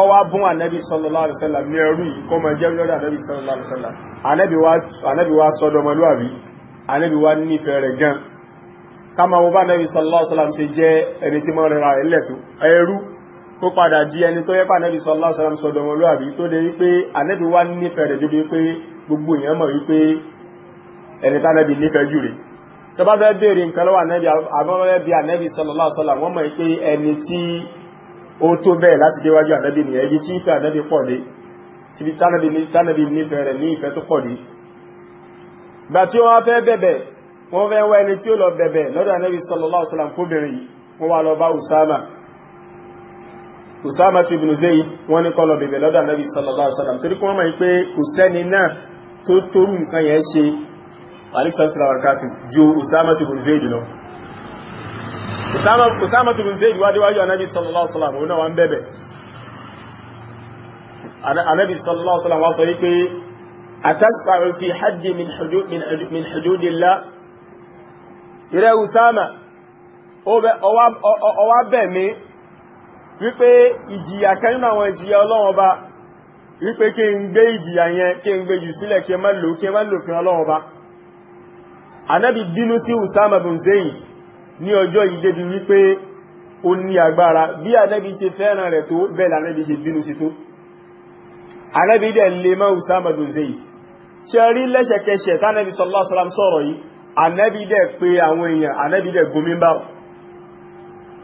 ọwá bún ànábì sallallahu alaihi wasallam ní ẹrú yìí kọ́ mọ̀ jẹ́ lọ́dọ̀ ànábì sallallahu alaihi wasallam Ànábì wa nífẹ̀ẹ́ rẹ̀ gan kama wo bá Ànábì sallallahu alaihi wasallam ṣe jẹ́ ẹni tí mọ́ rẹ̀ ra ilẹ̀ tó ẹrú kó padà di ẹni tó yẹ́pà Ànábì sallallahu alaihi wasallam sọ̀dọ̀ wọn lóàbí tó dé wípé Ànábì wa nífẹ̀ẹ́ rẹ̀ jóbi pé gbogbo èèyàn mọ̀ wípé ẹni tánẹ́bì nífẹ̀ẹ́ jù rẹ̀ tó bá fẹ́ bèèrè nǹkan lọ́wọ́ Ànábì àbọ́rẹ́ bí Ànábì sallallahu alaihi wasallam wọ́n mọ̀ pé ẹni tí ó tó bẹ́ẹ̀ láti déwájú Ànábì nìyẹn ibi tí ìfẹ́ Ànábì pọ̀ dé tánẹ́bì nífẹ̀ẹ́ rẹ̀ ní ìfẹ́ tó pọ̀ dé gbà tí wọ́n fẹ́ bẹ̀bẹ̀ wọ́n fẹ́ wá ẹni tí ó lọ bẹ̀bẹ̀ lọ́dọ̀ Ànábì sallallahu alaihi wasallam fóbìnrin wọ́n wá lọ bá Usama Usama ti ibn Zayd wọ́n ní kó lọ bẹ̀bẹ̀ lọ́dọ̀ Ànábì sallallahu alaihi wasallam torí kí wọ́n mọ̀ pé kò sẹ́ni náà tó tóru nǹkan yẹn ṣe alexander Usama Usama ti ibn Zayd wá déwájú Ànábì sallallahu alaihi wasallam òun náà wá ń bẹ̀bẹ̀ Ànábì sallallahu alaihi wasallam wá sọ wípé أتشفع في حد من حدود من من حدود الله ìrẹ́ Usama أو bẹ̀mí wípé ìjìyà kan nínú àwọn ìjìyà Ọlọ́run Ọba wípé kí n gbé ìjìyà yẹn kí n gbé jù sílẹ̀ kí n má lò kí n má lò fún Ọlọ́run Ọba Ànábì bínú sí Usama bin Zayd ní ọjọ́ ìdébi wípé ó ní agbára bí Ànábì ṣe fẹ́ràn rẹ̀ tó bẹ́ẹ̀ Ànábì ṣe bínú sí tó Ànábì dẹ̀ lè mọ́ Usama bin Zayd ṣe rí lẹ́sẹ̀kẹsẹ̀ tánẹ́bí sallallahu alaihi wasallam sọ̀rọ̀ yìí ànẹ́bí dẹ̀ pé àwọn èèyàn ànẹ́bí dẹ̀ gomi ń bá wọn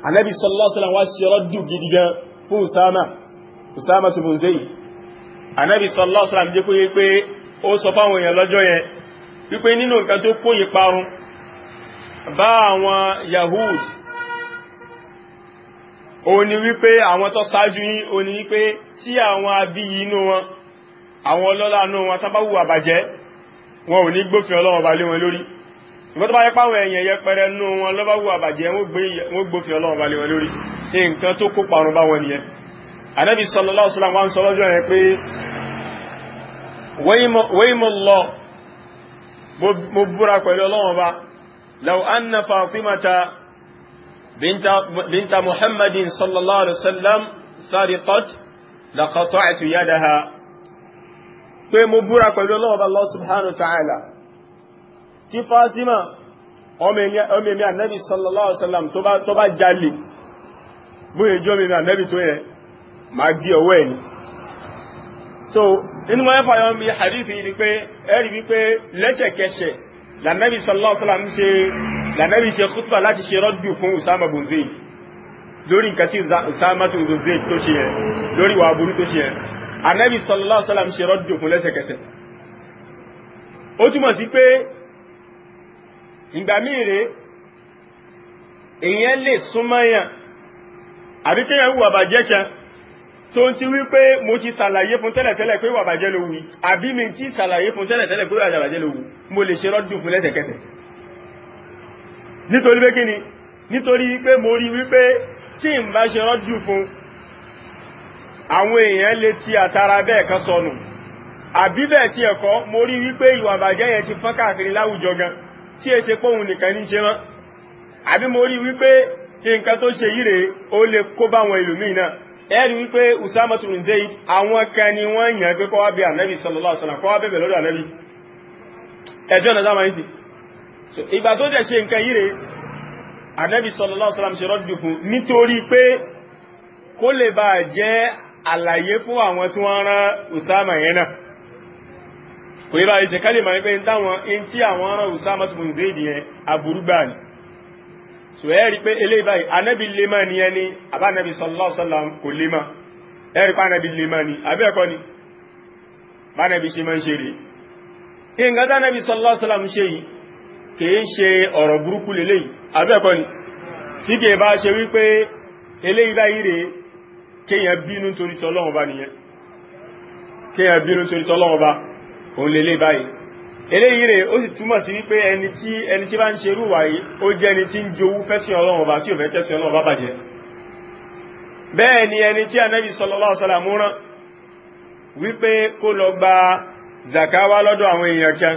ànẹ́bí sallallahu alaihi wasallam wá ṣe rọ́dù gidi gan fún Usama Usama tó bùn sẹ́yìn ànẹ́bí sallallahu alaihi wasallam jẹ́ kóyé pé ó sọ fáwọn èèyàn lọ́jọ́ yẹn wípé nínú nǹkan tó kó àwọn ọlọ́lá anú wọn tábáwù àbàjẹ́ wọn ò ní gbófin ọlọ́wọ́ bá lé wọn lórí ìgbọ́n tó bá yẹ páwọn èèyàn yẹpẹrẹ nú wọn lọ́báwù àbàjẹ́ wọn gbófin ọlọ́wọ́ bá lé wọn lórí nǹkan tó kó parun bá wọn nìyẹn anábì sallallahu alaihi wasallam wọn sọ lọ́jọ́ yẹn pé wẹ́yìmọ̀ lọ mo búra pẹ̀lú ọlọ́wọ́ bá law anna fatimata binta muhammadin sallallahu alaihi wasallam sariqat laqata'tu yadaha pé mo búra pẹ̀lú ọlọ́ọ̀bá Allah subhanahu wa ta'ala tí Fatima ọmọ èmi ànẹ́bì sallallahu alaihi wasallam tó bá jalè bóyẹ jọ mi ànẹ́bì tó yẹ máa gí ọwọ́ ẹ̀ ni so inú wọn fàyọ mi hadithi ni pé ẹ̀rí wípé lẹ́sẹ̀kẹsẹ̀ lànẹ́bì sallallahu alaihi wasallam ṣe lànẹ́bì ṣe kútùbà láti ṣe rọ́dù fún Usama bin Zayd lórí nǹkan tí Usama bin Zayd tó ṣe yẹn lórí wàá burú tó ṣe yẹn anabi sallallahu alaihi wasallam ṣe rọ́dù fún lẹ́sẹ̀kẹsẹ̀ ó túmọ̀ sí pé ìgbà míì rèé èèyàn lè súnmọ́yàn àbí kéèyàn hùwà bàjẹ́ kan tó ń ti wí pé mo ti ṣàlàyé fún tẹ́lẹ̀tẹ́lẹ̀ pé wà bàjẹ́ ló wí àbí mi ti ṣàlàyé fún tẹ́lẹ̀tẹ́lẹ̀ pé wà bàjẹ́ ló wù mo lè ṣe rọ́dù fún lẹ́sẹ̀kẹsẹ̀ nítorí pé kíni nítorí wípé mo rí wípé tí n bá ṣe rọ́dù fún àwọn èèyàn lè ti àtàrà bẹ́ẹ̀ kan sọnù àbí bẹ́ẹ̀ tí ẹ̀kọ́ mo rí wípé ìwà àbàjẹ́ yẹn ti fọ́n káàkiri láwùjọ gan tí è ṣe póhun nìkan ní ṣe mọ́ àbí mo rí wípé nǹkan tó ṣe yíre ó lè kó báwọn ìlúmíì náà ẹ̀rí wípé Usama tún Zaid àwọn kan ni wọ́n yàn pé kó wá bí ànábì sallallahu alaihi wasallam kó wá bẹ̀bẹ̀ lọ́dọ̀ ànábì ẹ̀jọ́ ọ̀nà sáà máa ń sì ìgbà tó dẹ̀ ṣe nǹkan yíre ànábì sallallahu alaihi wasallam ṣe rọ́dùkù nítorí pé kó lè bàa jẹ́ àlàyé fún àwọn tí wọ́n rán Usama yẹn náà kò yí báyìí tẹ̀kálẹ̀ máa ń pẹ́ táwọn ń tí àwọn rán Usama tó ń zéèdì yẹn aburú gbà so ẹ rí i pé eléyìí báyìí anabi lema ni ẹni àbá anabi sallallahu alaihi wasallam kò lema ẹ rí i pé anabi lema ni àbẹ́ ẹ̀kọ́ ni bá anabi ṣe máa ń ṣe rèé nǹkan tá nàbí sallallahu alaihi wasallam ṣe yìí kìí ṣe ọ̀rọ̀ burúkú lélẹ́yìí àbẹ́ẹ̀kọ́ ni tí kìí bá ṣe wípé eléyìí báyìí rèé kéèyàn bínú torí tọ́lọ́wọ́n bá nìyẹn kéèyàn bínú torí tọ́lọ́wọ́n bá òun lè lè báyìí eléyìí rẹ̀ ó sì túmọ̀ sí wípé ẹni tí ẹni tí bá ń ṣerú wáyé ó jẹ́ ẹni tí ń jowú fẹ́sìn ọlọ́wọ́n bá tí ò fẹ́ tẹ́sìn ọlọ́wọ́n bá bàjẹ́ bẹ́ẹ̀ ni ẹni tí anábì sallallahu alaihi wasallam rán wípé kó lọ gba zakawa lọ́dọ̀ àwọn èèyàn kan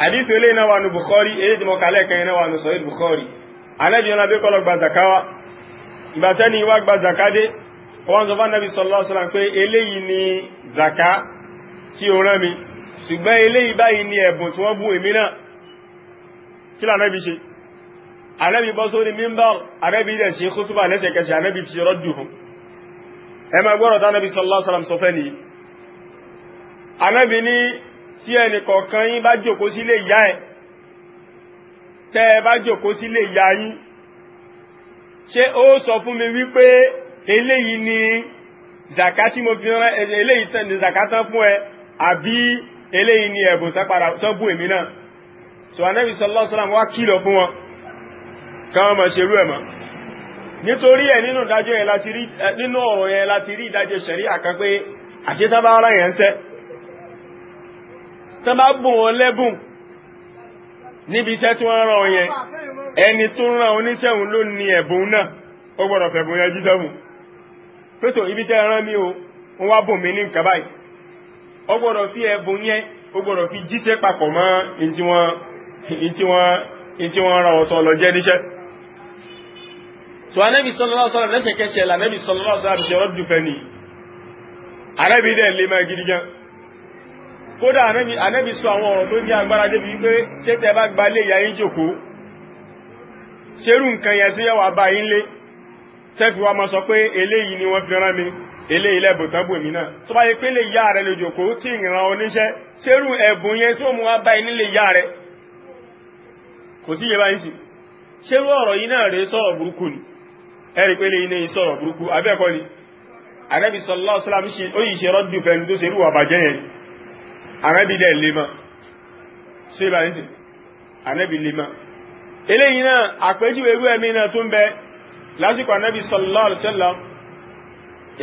hadith eléyìí náà wà nù Bukhari eléyìí tí mo kà lẹ́ẹ̀kan yẹn náà wà nù Sahih Bukhari anábì yẹn lábẹ́ kó lọ gba zakawa ìgbàtẹ́ni wá gba zakadé wọ́n sọ fún anábì sallallahu alaihi wasallam pé eléyìí ni zaka tí ó rán mi ṣùgbọ́n eléyìí báyìí ni ẹ̀bùn tí wọ́n bù èmi náà kí lànàbì ṣe anábì bọ́ sórí mímbà anábì rẹ̀ ṣe kútúbà lẹ́sẹ̀kẹsẹ̀ anábì fi rọ́dù hù ẹ máa gbọ́rọ̀ tá anábì sallallahu alaihi wasallam sọ fẹ́ nìyí anábì ní tí ẹnì kọ̀ọ̀kan yín bá jòkó sílé ìyá ẹ̀ tẹ́ ẹ bá jòkó sílé ìyá yín ṣé ó sọ fún mi wípé eléyìí ni zaka tí mo fi rán eléyìí tán ni zaka tán fún ẹ àbí eléyìí ni ẹ̀bùn tán padà tán bù èmi náà sọ anábì sallallahu alaihi wasallam wá kìlọ̀ fún wọn káwọn máa ṣerú ẹ̀ mọ́ nítorí ẹ̀ nínú ìdájọ́ yẹn láti rí nínú ọ̀rọ̀ yẹn láti rí ìdájọ́ ṣẹ̀rí àkan pé àṣetán bá ara yẹn ń sẹ́ tán bá bùn wọn lẹ́bùn níbi iṣẹ́ tí wọ́n rán yẹn ẹni tó rán oníṣẹ́hùn ló ní ẹ̀bùn náà ó gbọ́dọ̀ fẹ̀bùn yẹn jíṣẹ́ fún pèsè ibi tẹ́ ẹran mi o wọ́n wá bùn mí ní nǹkan báyìí ó gbọ́dọ̀ fi ẹ̀bùn yẹn ó gbọ́dọ̀ fi jíṣẹ́ papọ̀ mọ́ ìtí wọ́n ra ọ̀tọ̀ níṣẹ́ tó sọ àwọn ọ̀rọ̀ tó ní agbára débi bá ṣerú nǹkan yẹn tí yẹ wà bá yín lé tẹ́fì wa sọ pé ni wọ́n fi rán mi eléyìí lẹ́bùn tán bò náà tó bá yẹ pé lè yá rẹ lójòkó tí ìran oníṣẹ́ ṣerú ẹ̀bùn yẹn tí ó mú wá bá yín lè yá rẹ kò sí yẹ báyìí sí ṣerú ọ̀rọ̀ yìí náà rèé sọ̀rọ̀ burúkú ni ẹ̀rí pé lẹ́yìn lẹ́yìn sọ̀rọ̀ burúkú abẹ́ẹ̀kọ́ ni àrẹ́bí sallallahu alaihi wasallam eléyìí náà àpèjúwe irú ẹ̀mí náà tún bẹ lásìkò ànábì sallallahu alaihi wasallam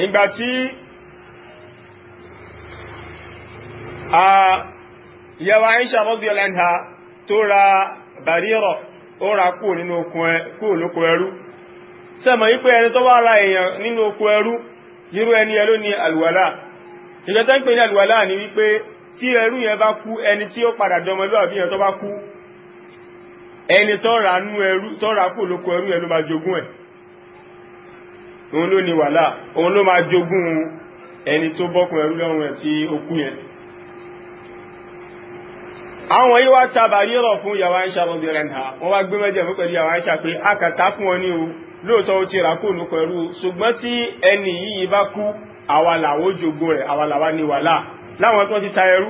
ìgbà tí ìyàwó Aisha radiyallahu anha tó ra bàrírọ̀ ó ra kúrò nínú oko ẹrú sẹ́mọ̀ yí pé ẹni tó wá ra èèyàn nínú oko ẹrú irú ẹni ẹ ló ní ìjọta ń pè ní àlùwàlá ní wípé tí ẹrú yẹn bá kú ẹni tí ó padà dọmọlúwàbí yẹn tó bá kú ẹni tọ́ra nú ẹrú tọ́ra kò lóko ẹrú ẹ ló máa jogún ẹ̀ òun ló ní wàhálà òun ló máa jogún ẹni tó bọ́kùn ẹrú lọ́rùn ẹ̀ tí ó kú yẹn àwọn yìí wá ta bàrírọ̀ fún yàwó àìṣà lọ́bìnrin ha wọ́n wá gbé mẹ́jẹ̀ mú pẹ̀lú yàwó àìṣà pé akàtà fún ọ ní o lóòótọ́ ó ti rà kó lóko ẹrú ṣùgbọ́n tí ẹni yìí bá kú àwa làwó jogún rẹ̀ àwa làwa ní wàhálà láwọn tó ti ta ẹrú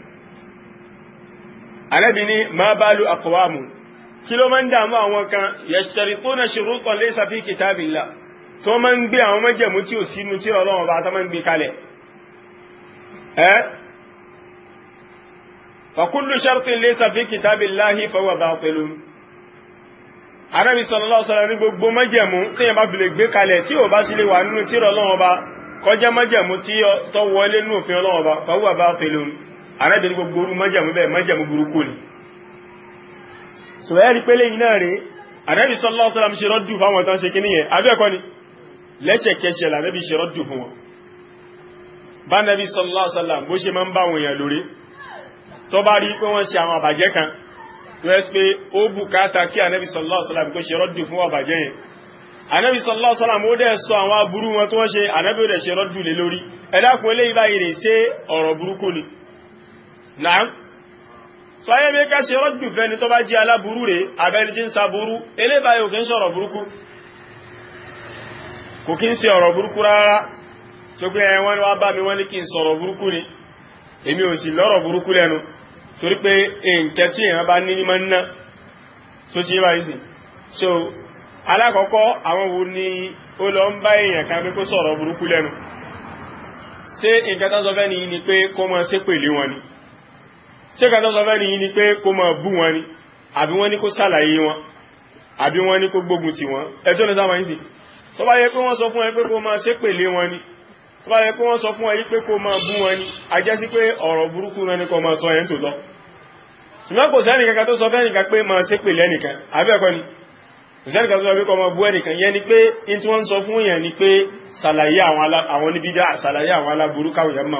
Ànábì ní ma balu aqwamun kí ló máa ń dààmú àwọn kan yashtarituna shurutan laysa fi kitabillah tó máa ń gbé àwọn májẹ̀mú tí ò sínú tí Ọlọ́run bá tó máa ń gbé kalẹ̀ ẹ́ fa kullu shartin laysa fi kitabillahi fahuwa batilun Ànábì sallallahu alaihi wasallam ní gbogbo májẹ̀mú tí yẹn bá fi lè gbé kalẹ̀ tí ò bá sì lè wà nínú tí Ọlọ́run bá kọjá májẹ̀mú tí tó wọlé nínú òfin Ọlọ́run bá fahuwa batilun arábìnrin gbogbo orú májàmú bẹ́ẹ̀ májàmú burúkú ni so ẹ́ rí pélé iná rẹ̀ arábì sallallahu alaihi wasallam ṣe rọ́dù fáwọn tán ṣe kí níyẹn abẹ́ẹ̀kọ́ ni lẹ́ṣẹ̀kẹṣẹ̀ làrábì ṣe rọ́dù fún wọn bá nàbí sallallahu alaihi wasallam bó ṣe máa ń bá wọn èèyàn lórí tó bá rí pé wọ́n ṣe àwọn àbàjẹ́ kan tó ẹ́ pé ó bùkátà kí anábì sallallahu alaihi wasallam kó ṣe rọ́dù fún àbàjẹ́ yẹn anábì sallallahu alaihi wasallam ó dẹ̀ sọ àwọn aburú wọn tó wọ́n ṣe anábì ó dẹ̀ ṣe rọ́dù lé lórí ẹ̀dá kun náà so ayé mi ká ṣe rọ́jù fẹ́ni tó bá jí aláburú rẹ̀ abẹ́ni tí ń sa burú eléyìí kò kí ń sọ̀rọ̀ burúkú kò kí ń ṣe ọ̀rọ̀ burúkú rárá tó pé ẹ wọ́n ni wá bá mi wọ́n ní kí n sọ̀rọ̀ burúkú ni èmi ò sì lọ́rọ̀ burúkú lẹ́nu torí pé nǹkan tí èèyàn bá ní ní máa ń ná tó ti yé báyìí sí so alákọ̀ọ́kọ́ àwọn wo ni ó lọ ń bá èèyàn kan pé kó sọ̀rọ̀ burúkú lẹ́nu ṣé nǹkan tó sọ fẹ́ ni pé kó mọ ṣépè lé wọn ni ṣé kàtà sọ fẹ́ nìyí ni pé kó máa bú wọn ni àbí wọ́n ní kó ṣàlàyé wọn àbí wọ́n ní kó gbógun ti wọn ẹjọ́ ní sáwọn ìsìn tó bá yẹ pé wọ́n sọ fún ẹ pé kó máa ṣe wọn ni tó yẹ pé wọ́n sọ fún ẹ pé kó máa bú wọn ni a jẹ́ sí pé ọ̀rọ̀ burúkú rẹ ní kó máa sọ ẹ̀ ń tò lọ ṣùgbọ́n kò sẹ́ni kankan tó sọ fẹ́ nìkan pé máa ṣe pèlé ẹnìkan àbí ẹ̀kọ́ ni kò sẹ́ni kankan tó sọ pé kó máa bú ẹnìkan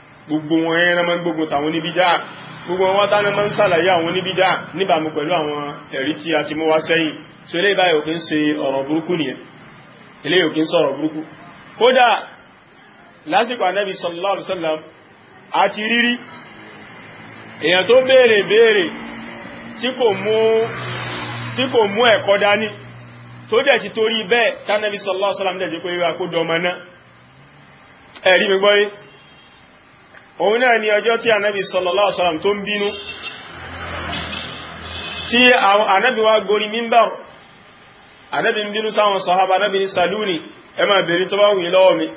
gbogbo wọn yẹn náà máa ń gbógun tàwọn oníbídà gbogbo wọn tá náà máa ń ṣàlàyé àwọn oníbídà níbàámu pẹ̀lú àwọn ẹ̀rí tí a ti mú wá sẹ́yìn so eléyìí báyìí ò ń ṣe ọ̀rọ̀ burúkú nìyẹn eléyìí ò ń ṣe ọ̀rọ̀ burúkú kódà lásìkò ànábì sallallahu alaihi wasallam àti rírí èèyàn tó béèrè béèrè tí kò mú tí kò mú ẹ̀kọ́ dání tó dẹ̀ ti torí bẹ́ẹ̀ tánàbí sallallahu alaihi wasallam dẹ̀ jẹ́ pé òun náà ni ọjọ́ tí ànábì sallallahu alaihi wasallam tó ń bínú tí ànábì wá gorí mímbà ànábì ń bínú sáwọn sọ̀hábà ànábì ní salúni ẹ máa bèèrè tó bá wù yín lọ́wọ́ mi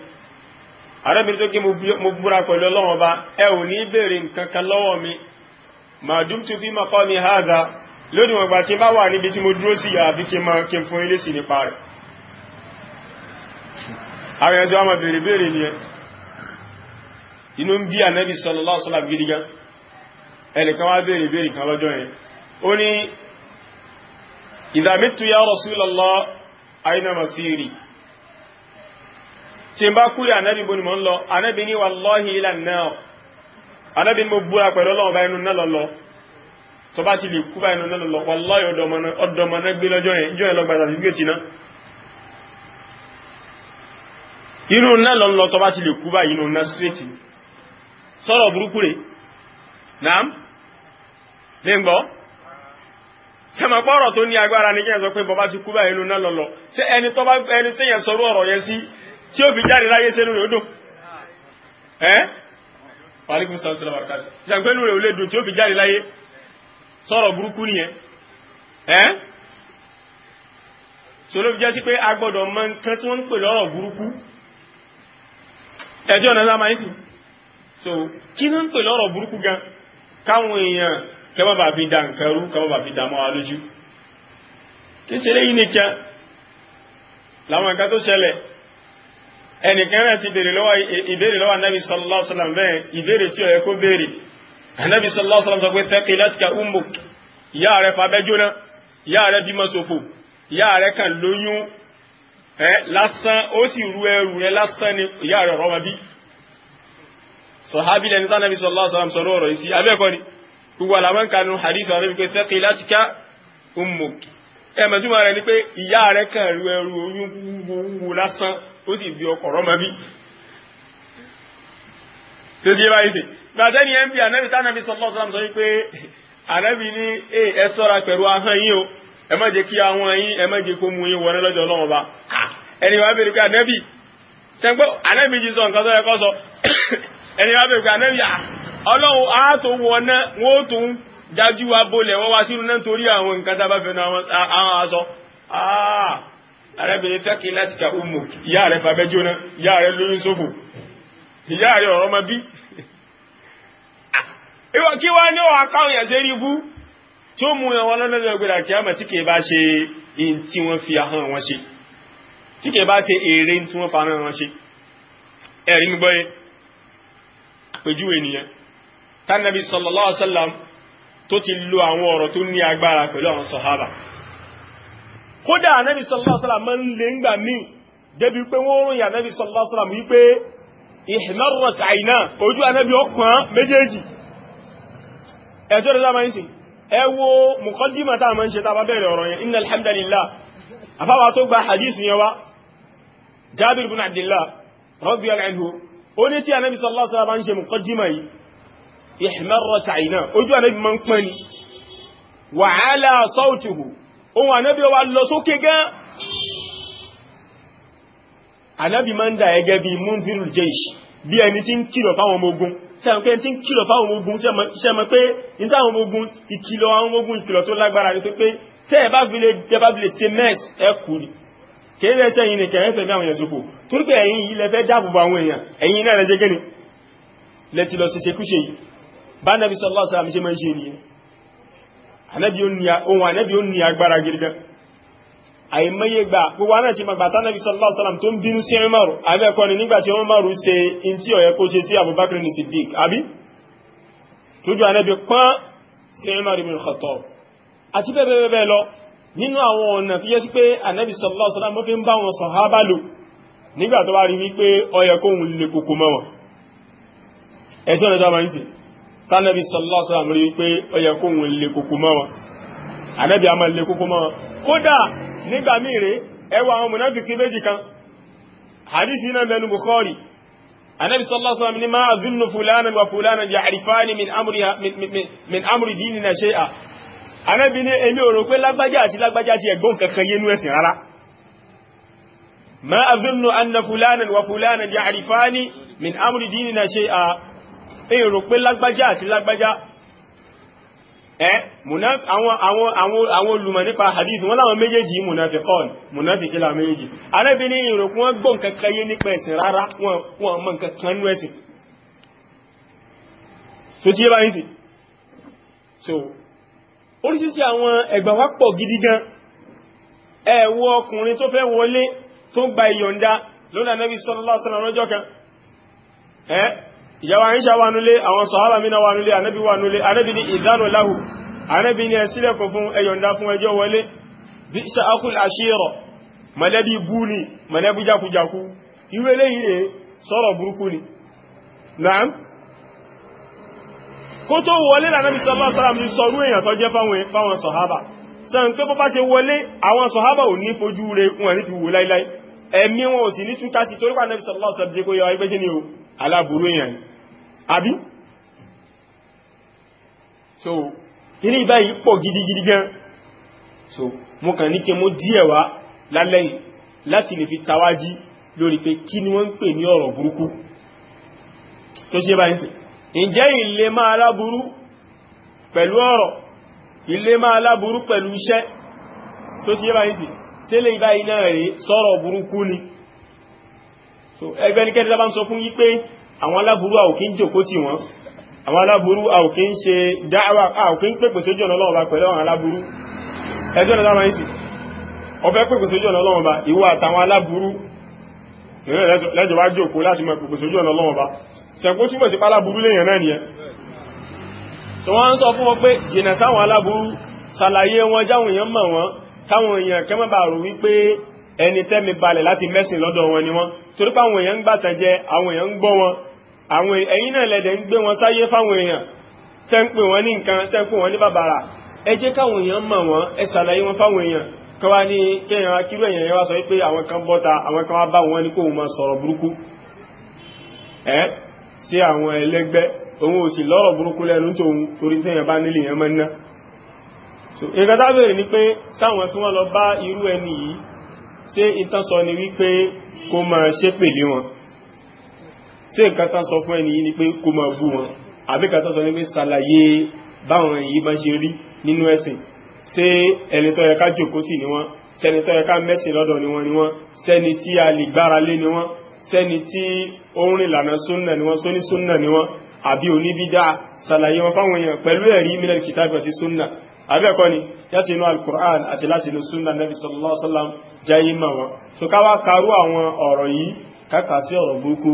ànábì tó kí mo búra pẹ̀lú ọlọ́run ọba ẹ ò ní bèèrè nǹkan kan lọ́wọ́ mi ma dumtu fi maqami hadha lónìí wọn gbà tí bá wà níbi tí mo dúró sí àbí kí n máa kí n fún ilé sí nípa rẹ̀ àwọn ẹ̀sọ́ àmọ̀ bèèrè bèèrè ni inú ń bí ànábì sallallahu alaihi wasallam gidi gan ẹnìkan wá béèrè béèrè kan lọ́jọ́ yẹn ó ní idha mittu ya Rasulallah aina masiri tí n bá kú yà ànábì bó ni mò ń lọ ànábì ní wallahi ila an-nar ànábì mo búra pẹ̀lú ọlọ́run bá inú náà lọ́lọ́ tó bá ti lè kú bá inú náà lọ́lọ́ wallahi ọ̀dọ̀mọ̀ná gbé lọ́jọ́ yẹn ìjọ yẹn lọ́gbà sàtífíkẹ́tì inú náà lọ́lọ́ tó bá ti lè kú bá inú náà síréètì sọ̀rọ̀ burúkú rẹ̀ naam ní gbọ́ sẹmọ̀pọ̀rọ̀ tó ní agbára ní kíyàn sọ pé bọ́bá ti kú báyìí lónà lọ́lọ́ sí ẹni tó bá ẹni tí yẹn sọ̀rọ̀ ọ̀rọ̀ yẹn sí tí ó fi jáde láyé sínú rẹ̀ ó dùn ẹ́ wàlíkùn sọ̀rọ̀ sílẹ̀ wàkàtí ìṣàgbénu rẹ̀ ò lè dùn tí ó fi jáde láyé sọ̀rọ̀ burúkú nìyẹn ẹ́ sọ̀rọ̀ fi jẹ́ sí pé a gbọ́dọ̀ mọ nǹkan tí wọ́n ń pè lọ́rọ̀ burúkú ẹjọ́ ọ̀nà sí so kí ló ń pè lọ́rọ̀ burúkú gan káwọn èèyàn kẹ́mọ́ bá fi da nǹkan rú kẹ́mọ́ bá fi da mọ́ wa lójú kí ṣe léyìn nìkan làwọn nǹkan tó ṣẹlẹ̀ ẹnìkan náà ti béèrè lọ́wọ́ ìbéèrè lọ́wọ́ anábì sallallahu alaihi wasallam bẹ́ẹ̀ ìbéèrè tí ó yẹ kó béèrè anábì sallallahu alaihi wasallam sọ pé taqilatka ummuk ìyá rẹ̀ fàbẹ́jóná ìyá rẹ̀ bímọ ṣòfò ìyá rẹ̀ kàn lóyún ẹ lásán ó sì ru ẹrù rẹ̀ lásán ni ìyá rẹ̀ rọ́mọ sọ̀hábí lẹni tá nàbí sọ̀lá sọ̀rọ̀ sọ̀rọ̀ ọ̀rọ̀ ìsí abẹ́ẹ̀kọ́ ni gbogbo àlàmọ́ kanu hadith àwọn ẹbí pé sẹ́kì láti ká ummuk ẹ̀mọ̀ túmọ̀ rẹ̀ ni pé ìyá rẹ̀ kàn rí ẹrú oyún wúwo lásán ó sì bí ọkọ̀ rọ́mọ bí. tó ti yé báyìí sè gbàtẹ́ ni mp anabi tá nàbí sọ̀lá sọ̀rọ̀ sọ pé anabi ní ẹ sọ́ra pẹ̀lú ahọ́n yín o ẹ má jẹ́ kí àwọn yín ẹ má jẹ́ kó mu yín wọlé lọ́jọ́ ọlọ́run ọba ah, ẹni wàá bèrè pé anabi sẹ́ńgbọ́ anabi jí sọ nǹkan tó yẹ kó sọ ẹni wá bẹ̀rù pé ànábì à ọlọ́run á tó wọn náà wọ́n ó tún dájú wa bolẹ̀ wọ́n wá sínú náà torí àwọn nǹkan tá a bá fẹ́ nu àwọn aṣọ arábìnrin tẹ́kì láti ka umu ìyá rẹ̀ fàbẹ́ jóná ìyá rẹ̀ lóyún sófò ìyá rẹ̀ ọ̀rọ̀ ma bí ìwọ̀ kí wá ní ọ̀hà káwọn yàtẹ́ rí bú tó mú ẹwọn lọ́lọ́lọ́ ìgbèrà kí a mọ̀ tí kìí bá ṣe in tí wọ́n fi ahọ́n wọn ṣe tí kìí bá ṣe èrè tí wọ́n fa ahọ́n wọn ṣe ẹ̀rí mi gbọ́yé àpèjúwe nìyẹn tánàbí sallallahu alaihi wasallam tó ti lo àwọn ọ̀rọ̀ tó ní agbára pẹ̀lú àwọn sàhábà kódà ànábì sallallahu alaihi wasallam máa ń lè ń gbà míì débi pé wọ́n rún yà ànábì sallallahu alaihi wasallam wípé ihmarrat àìná ojú ànábì ọkàn méjèèjì ẹjọ́ rẹ̀ sáà máa ń sìn ẹ wo muqaddimah tá a máa ń ṣe tá a bá bẹ̀rẹ̀ ọ̀rọ̀ yẹn innal hamdalillah àfáwà tó gba hadith yẹn wá Jabir bin Abdillah radiyallahu anhu ó ní tí anábi sallallahu alaihi wasallam bá ń ṣe muqaddima yìí ihmarrat ayna ojú anábi ma ń pẹ́ ni wa ala sawtuhu ohun anábi wa lọ sókè gan anábi ma ń dà ẹgẹ́ bí mundhirul jaysh bí ẹni tí ń kìlọ̀ fáwọn ọmọ ogun sẹ́mọ̀kẹ́ tí ń kìlọ̀ fáwọn ọmọ ogun kéèrè ṣe yìí ni kẹrẹ fẹ̀mí àwọn èèyàn ṣòfò torí pé ẹ̀yin yìí lẹ fẹ́ dáàbòbò àwọn èèyàn ẹ̀yin náà lẹ ṣe gẹ́ni lẹ́ti lọ ṣiṣẹ́ kúṣe yìí bá nẹ́bí sọ lọ́sọ̀ àmì ṣe mọ́ ṣe nìyẹn ohun ànẹ́bí ó ní agbára gidi gan àìmọye ni nígbà tí Umaru ṣe in tí ó yẹ kó ṣe sí nínú àwọn ọ̀nà tó yẹ sí pé ànábì sallallahu alaihi wasallam fi ń bá wọn sàhábà lò nígbà tó bá rí wípé ó yẹ kóhun lè kòkó mọ́ wọn ẹ̀tọ́ ọ̀nà dáma ìsìn tánàbí sallallahu alaihi wasallam rí wípé ó yẹ kóhun lè kòkó mọ́ wọn ànábì a máa lè kòkó mọ́ wọn kódà nígbà míì rèé Ànábì ní èmi ò rò pé lágbájá àti lágbájá ti ẹ̀gbọ́n kankan yé nú ẹ̀sìn rárá ma azunnu anna fulanan wa fulanan ya'rifani min amri dinina shay'a èmi rò pé lágbájá àti lágbájá ẹ́ àwọn olùmọ̀ nípa hadith wọ́n láwọn méjèèjì munafiqun munafiqun láwọn méjèèjì Ànábì ní ìròkún wọ́n gbọ́n kankan yé nípa ẹ̀sìn rárá wọn mọ̀ kankan nú ẹ̀sìn so tí yé bá so oríṣiríṣi àwọn ẹ̀gbà wá pọ̀ gidi gan ẹ̀wọ́ ọkùnrin tó fẹ́ wọlé tó gba ìyọ̀ǹda lọ́nà Ànábì sallallahu alaihi wasallam lọ́jọ́ kan ẹ́ ìyàwó àyíṣà wà núlé àwọn sọ̀hábà mìíràn wà núlé Ànábì wà núlé Ànábì ní ìdánù láhù Ànábì ní ẹ̀sílẹ̀kùn fún ẹ̀yọ̀ǹda fún ẹjọ́ wọlé bí iṣẹ́ akúl àṣírọ̀ mọ̀lẹ́bí bú ni mọ̀lẹ́bí jákujáku irú kó tó wọlé lànàbí sallallahu alaihi wasallam ti sọrú èèyàn tó jẹ́ fáwọn sọ̀hábà sẹ́n pé bó bá ṣe wọlé àwọn sọ̀hábà ò ní fojú rẹ̀ wọn ní fi wò láíláí ẹ̀mí wọn ò sì ní túká sí torí pàdánàbí sallallahu alaihi jẹ́ kó yọ ẹgbẹ́ kí ni o aláburú èèyàn àbí so ilé ìbáyìí pọ̀ gidigidi gan so mo kàn ní kí mo díẹ̀ wá lálẹ́yìn láti lè ni wọ́n ń pè ní tó ṣe báyìí ǹjẹ́ ilé máa láburú pẹ̀lú ọ̀rọ̀ ilé máa láburú pẹ̀lú iṣẹ́ tó ti yẹ́ bá yìí sí lè bá iná rẹ̀ sọ̀rọ̀ burúkú ni ẹgbẹ́ ní kẹ́tẹ́lá bá ń sọ fún yí pé àwọn aláburú àwòkí ń jòkó tì wọ́n àwọn aláburú àwòkí ń ṣe dáwà àwòkí ń pèpè sójú ọ̀nà ọlọ́run pẹ̀lú àwọn aláburú ẹjọ́ ìdáwà sẹ̀kún túnmọ̀ sí páláburú lèyàn náà nìyẹn tó wọ́n ń sọ fún wọn pé jìnà sáwọn aláburú sàlàyé wọn jáwọn èèyàn mọ̀ wọn káwọn èèyàn kẹ́ má bàá rò wípé ẹni tẹ́mi balẹ̀ láti mẹ́sìn lọ́dọ̀ wọn ni wọ́n torí pé àwọn èèyàn ń gbàtàn jẹ àwọn èèyàn ń gbọ́ wọn àwọn ẹ̀yìn náà lẹ́dẹ̀ ń gbé wọn sáyé fáwọn èèyàn tẹ́ ń pè wọn ní nǹkan sí àwọn ẹlẹ́gbẹ́ òun ò sì lọ́rọ̀ burúkú lẹ́nu tó ń torí tí èèyàn bá nílé èèyàn mọ́ ná so nǹkan tá ni pé sáwọn tí wọ́n lọ bá irú ẹni yìí ṣé ìtàn sọ ni wípé kó máa ṣépè lé wọn ṣé nǹkan tán sọ fún ẹni yìí ni pé kó máa bú wọn àbí nǹkan sọ ni pé ṣàlàyé báwọn èyí bá ṣe rí nínú ẹ̀sìn ṣé ẹni tó yẹ ká jòkó tì ni wọ́n ṣẹni tó yẹ ká mẹ́sìn lọ́dọ̀ ni wọ́n ni wọ́n ṣẹni tí a lè gbára lé ni wọ́n sẹ́ni tí ó ń rìn lànà súnnà ni wọ́n sóní súnnà ni wọ́n àbí oníbídá sàlàyé wọn fáwọn èèyàn pẹ̀lú ẹ̀rí mílẹ̀ kìtàbí àti súnnà àbẹ́ẹ̀kọ́ ni láti inú al-Qur'an àti láti inú súnnà Nabi sallallahu alaihi wasallam jayé wọn so ká wá karú àwọn ọ̀rọ̀ yìí kákà sí ọ̀rọ̀ burúkú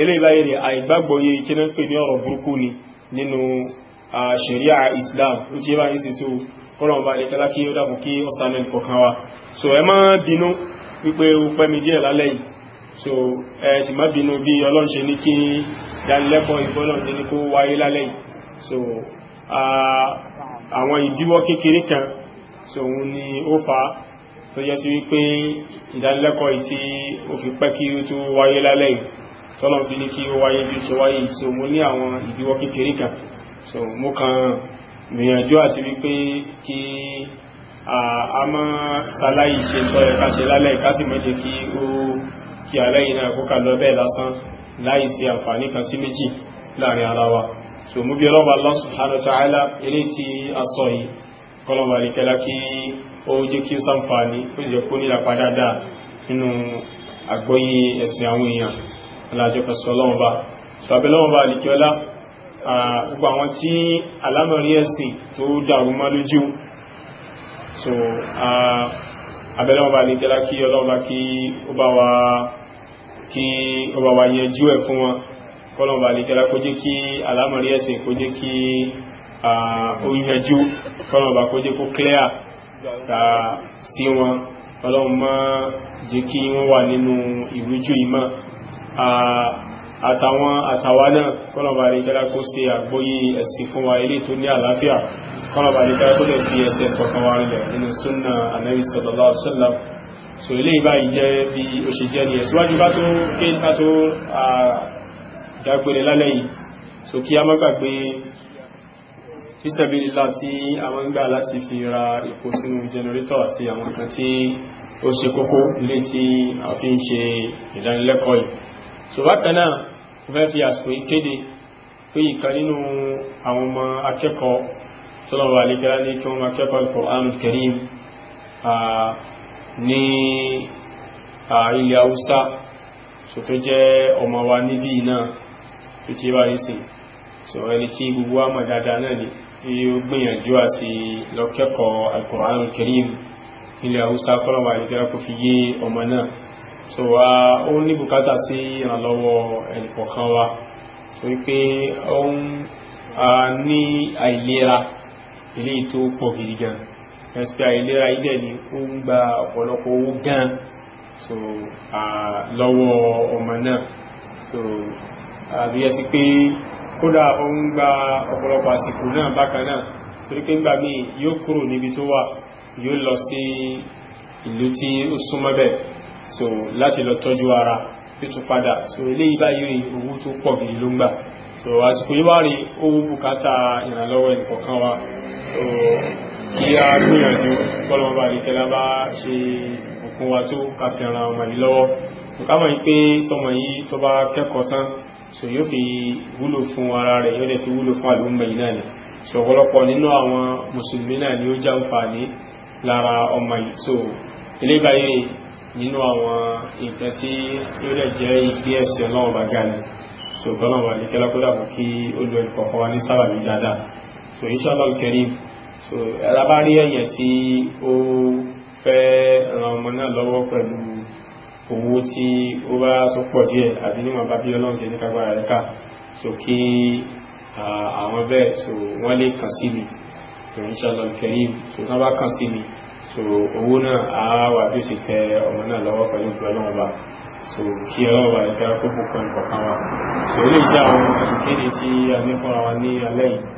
eléyìí báyìí ni àìgbàgbọ́ yé kí náà pè ní ọ̀rọ̀ burúkú ni nínú sharia Islam ó ti bá yìí sì so kọ́lọ̀ bá lè tẹ́lá kí ó dàbò kí ọ̀sán ẹnì kọ̀ọ̀kan wa so ẹ má bínú wípé ó pẹ́ mi díẹ̀ lálẹ́ yìí so ẹ̀ẹ̀sì má bínú bí ọlọ́run ṣe ní kí dánilẹ́kọ̀ọ́ ìbọ́lọ́run ṣe ní kó wáyé lálẹ́ yìí so àwọn ìdíwọ́ kékeré kan so òun ni ó fa tó yẹ sí wípé ìdánilẹ́kọ̀ọ́ tí ó fi pẹ́ kí ó tó wáyé lálẹ́ yìí tọ́lọ́run so mo ní àwọn ìdíwọ́ kékeré kan so mo kàn gbìyànjú àti a máa ṣaláyìí ṣe tọ́ ẹ̀ká ṣe lálẹ́ ìkásìmọ́jẹ́ kí kí aláyìn náà kó kà lọ bẹ́ẹ̀ lásán láì sí àǹfààní kan sí méjì láàrin ara wa so mú bí ọlọ́wà Allah subhanahu wa ta'ala ilé tí a sọ yìí kọlọ̀wà àríkẹ́lá kí ó jẹ́ kí ó sàǹfààní ó jẹ́ kó nílà padàdà nínú àgbọ́yé ẹ̀sìn àwọn èèyàn alájọpẹ̀ sọ lọ́wọ́ba so abẹ́ lọ́wọ́ba àríkẹ́lá gbogbo àwọn tí alámọ̀rí ẹ̀sìn tó dàrú mọ́ lójú so abẹ́lọ́wọ́ba àríkẹ́lá kí ọlọ́wọ́ba kí ó bá wa kí ọba wa yẹjú ẹ̀ fún wọn kọlọ̀mbà lè kẹ́lá kó jẹ́ kí alámọ̀rí ẹ̀sìn kó jẹ́ kí ó yẹjú kọlọ̀mbà kó jẹ́ kó clear sí wọn kọlọ̀mbà jẹ́ kí wọ́n wà nínú ìrújú ìmọ̀ àtàwọn àtàwà náà kọlọ̀mbà lè kẹ́lá kó ṣe àgbóyé ẹ̀sìn fún wa ilé tó ní àlàáfíà kọlọ̀mbà lè kó lè fi ẹsẹ̀ kọ̀ọ̀kan wa rẹ̀ nínú súnnà anábì so ilé ìbáyìí jẹ́ bí ó ṣe jẹ́ ní ẹ̀síwájú bá tó ké bá tó dágbére lálẹ́ yìí so kí a má gbàgbé fíṣẹ̀bílá tí a má ń gbà láti fi ra epo sínú jẹnẹrétọ̀ àti àwọn nǹkan tí ó ṣe kókó ilé tí a fi ń ṣe ìdánilẹ́kọ̀ọ́ yìí so bákan náà mo fẹ́ fi àsìkò yìí kéde ní ilẹ̀ haúsá so tó jẹ́ ọmọ wa níbí náà tó ti bá yìí so ẹni tí gbogbo wa mọ̀ dáadáa náà ni tí ó gbìyànjú àti lọ kẹ́kọ̀ọ́ Al-Qur'an Al-Karim ilẹ̀ haúsá kọ́lọ̀wà ìgbẹ́ra kò fi yé ọmọ náà so wa ó ní bùkátà sí ìrànlọ́wọ́ ẹnìkọ̀ọ̀kan wa so wípé ó ń ní àìlera ilé ìtó pọ̀ gidi ẹ̀sìpẹ́ àìlera ilẹ̀ ni ó ń gba ọ̀pọ̀lọpọ̀ owó gan so lọ́wọ́ ọmọ náà so àbíyẹ́ sí pé kódà ó ń gba ọ̀pọ̀lọpọ̀ àsìkò náà bákan náà torí pé gbà mí yóò kúrò níbi tó wà yóò lọ sí ìlú tí ó súnmọ́ bẹ̀ so láti lọ tọ́jú ara yóò tún padà so eléyìí báyìí owó tó pọ̀ gidi ló ń gbà so àsìkò yóò wá rí owó bùkátà ìrànlọ́wọ́ ẹnìkọ̀ọ̀kan wa so kí a gbìyànjú bọ́lọ̀mọba àríkẹ́lá bá ṣe òkun wa tó káfí ara ọmọ yìí lọ́wọ́ nǹkan pé tọmọ yìí tó bá kẹ́kọ̀ọ́ tán so yóò fi wúlò fún ara rẹ̀ yóò dẹ̀ fi wúlò fún àlúmọ̀ yìí náà ni so ọ̀pọ̀lọpọ̀ nínú àwọn mùsùlùmí náà ni ó jàǹfààní lára ọmọ yìí so eléyìí nínú àwọn nǹkan tí yóò dẹ̀ jẹ́ ìgbé ẹ̀sìn ọlọ́run bá ga ni so ọlọ́run àríkẹ́lá kó dàbọ̀ kí ó lo ẹ̀kọ́ fún wa ní sábàbí dáadáa so inshallah karim so ẹ̀rọ bá rí èèyàn tí ó fẹ́ ran ọmọ náà lọ́wọ́ pẹ̀lú owó tí ó bá tó pọ̀ díẹ̀ àbí níwọ̀n bá bí ọlọ́run ṣe ní kágbára rẹ̀ ká so kí àwọn bẹ́ẹ̀ so wọ́n lè kàn sí mi so inshallah karim so wọ́n bá kàn sí mi so owó náà á wà bí ó sì tẹ ọmọ náà lọ́wọ́ pẹ̀lú ọlọ́run bá so kí ọlọ́run bá ìgbà kókó kan ìkọ̀kan wa so ilé ìjà àwọn ìkéde tí a ní fúnra wa ní alẹ́ yìí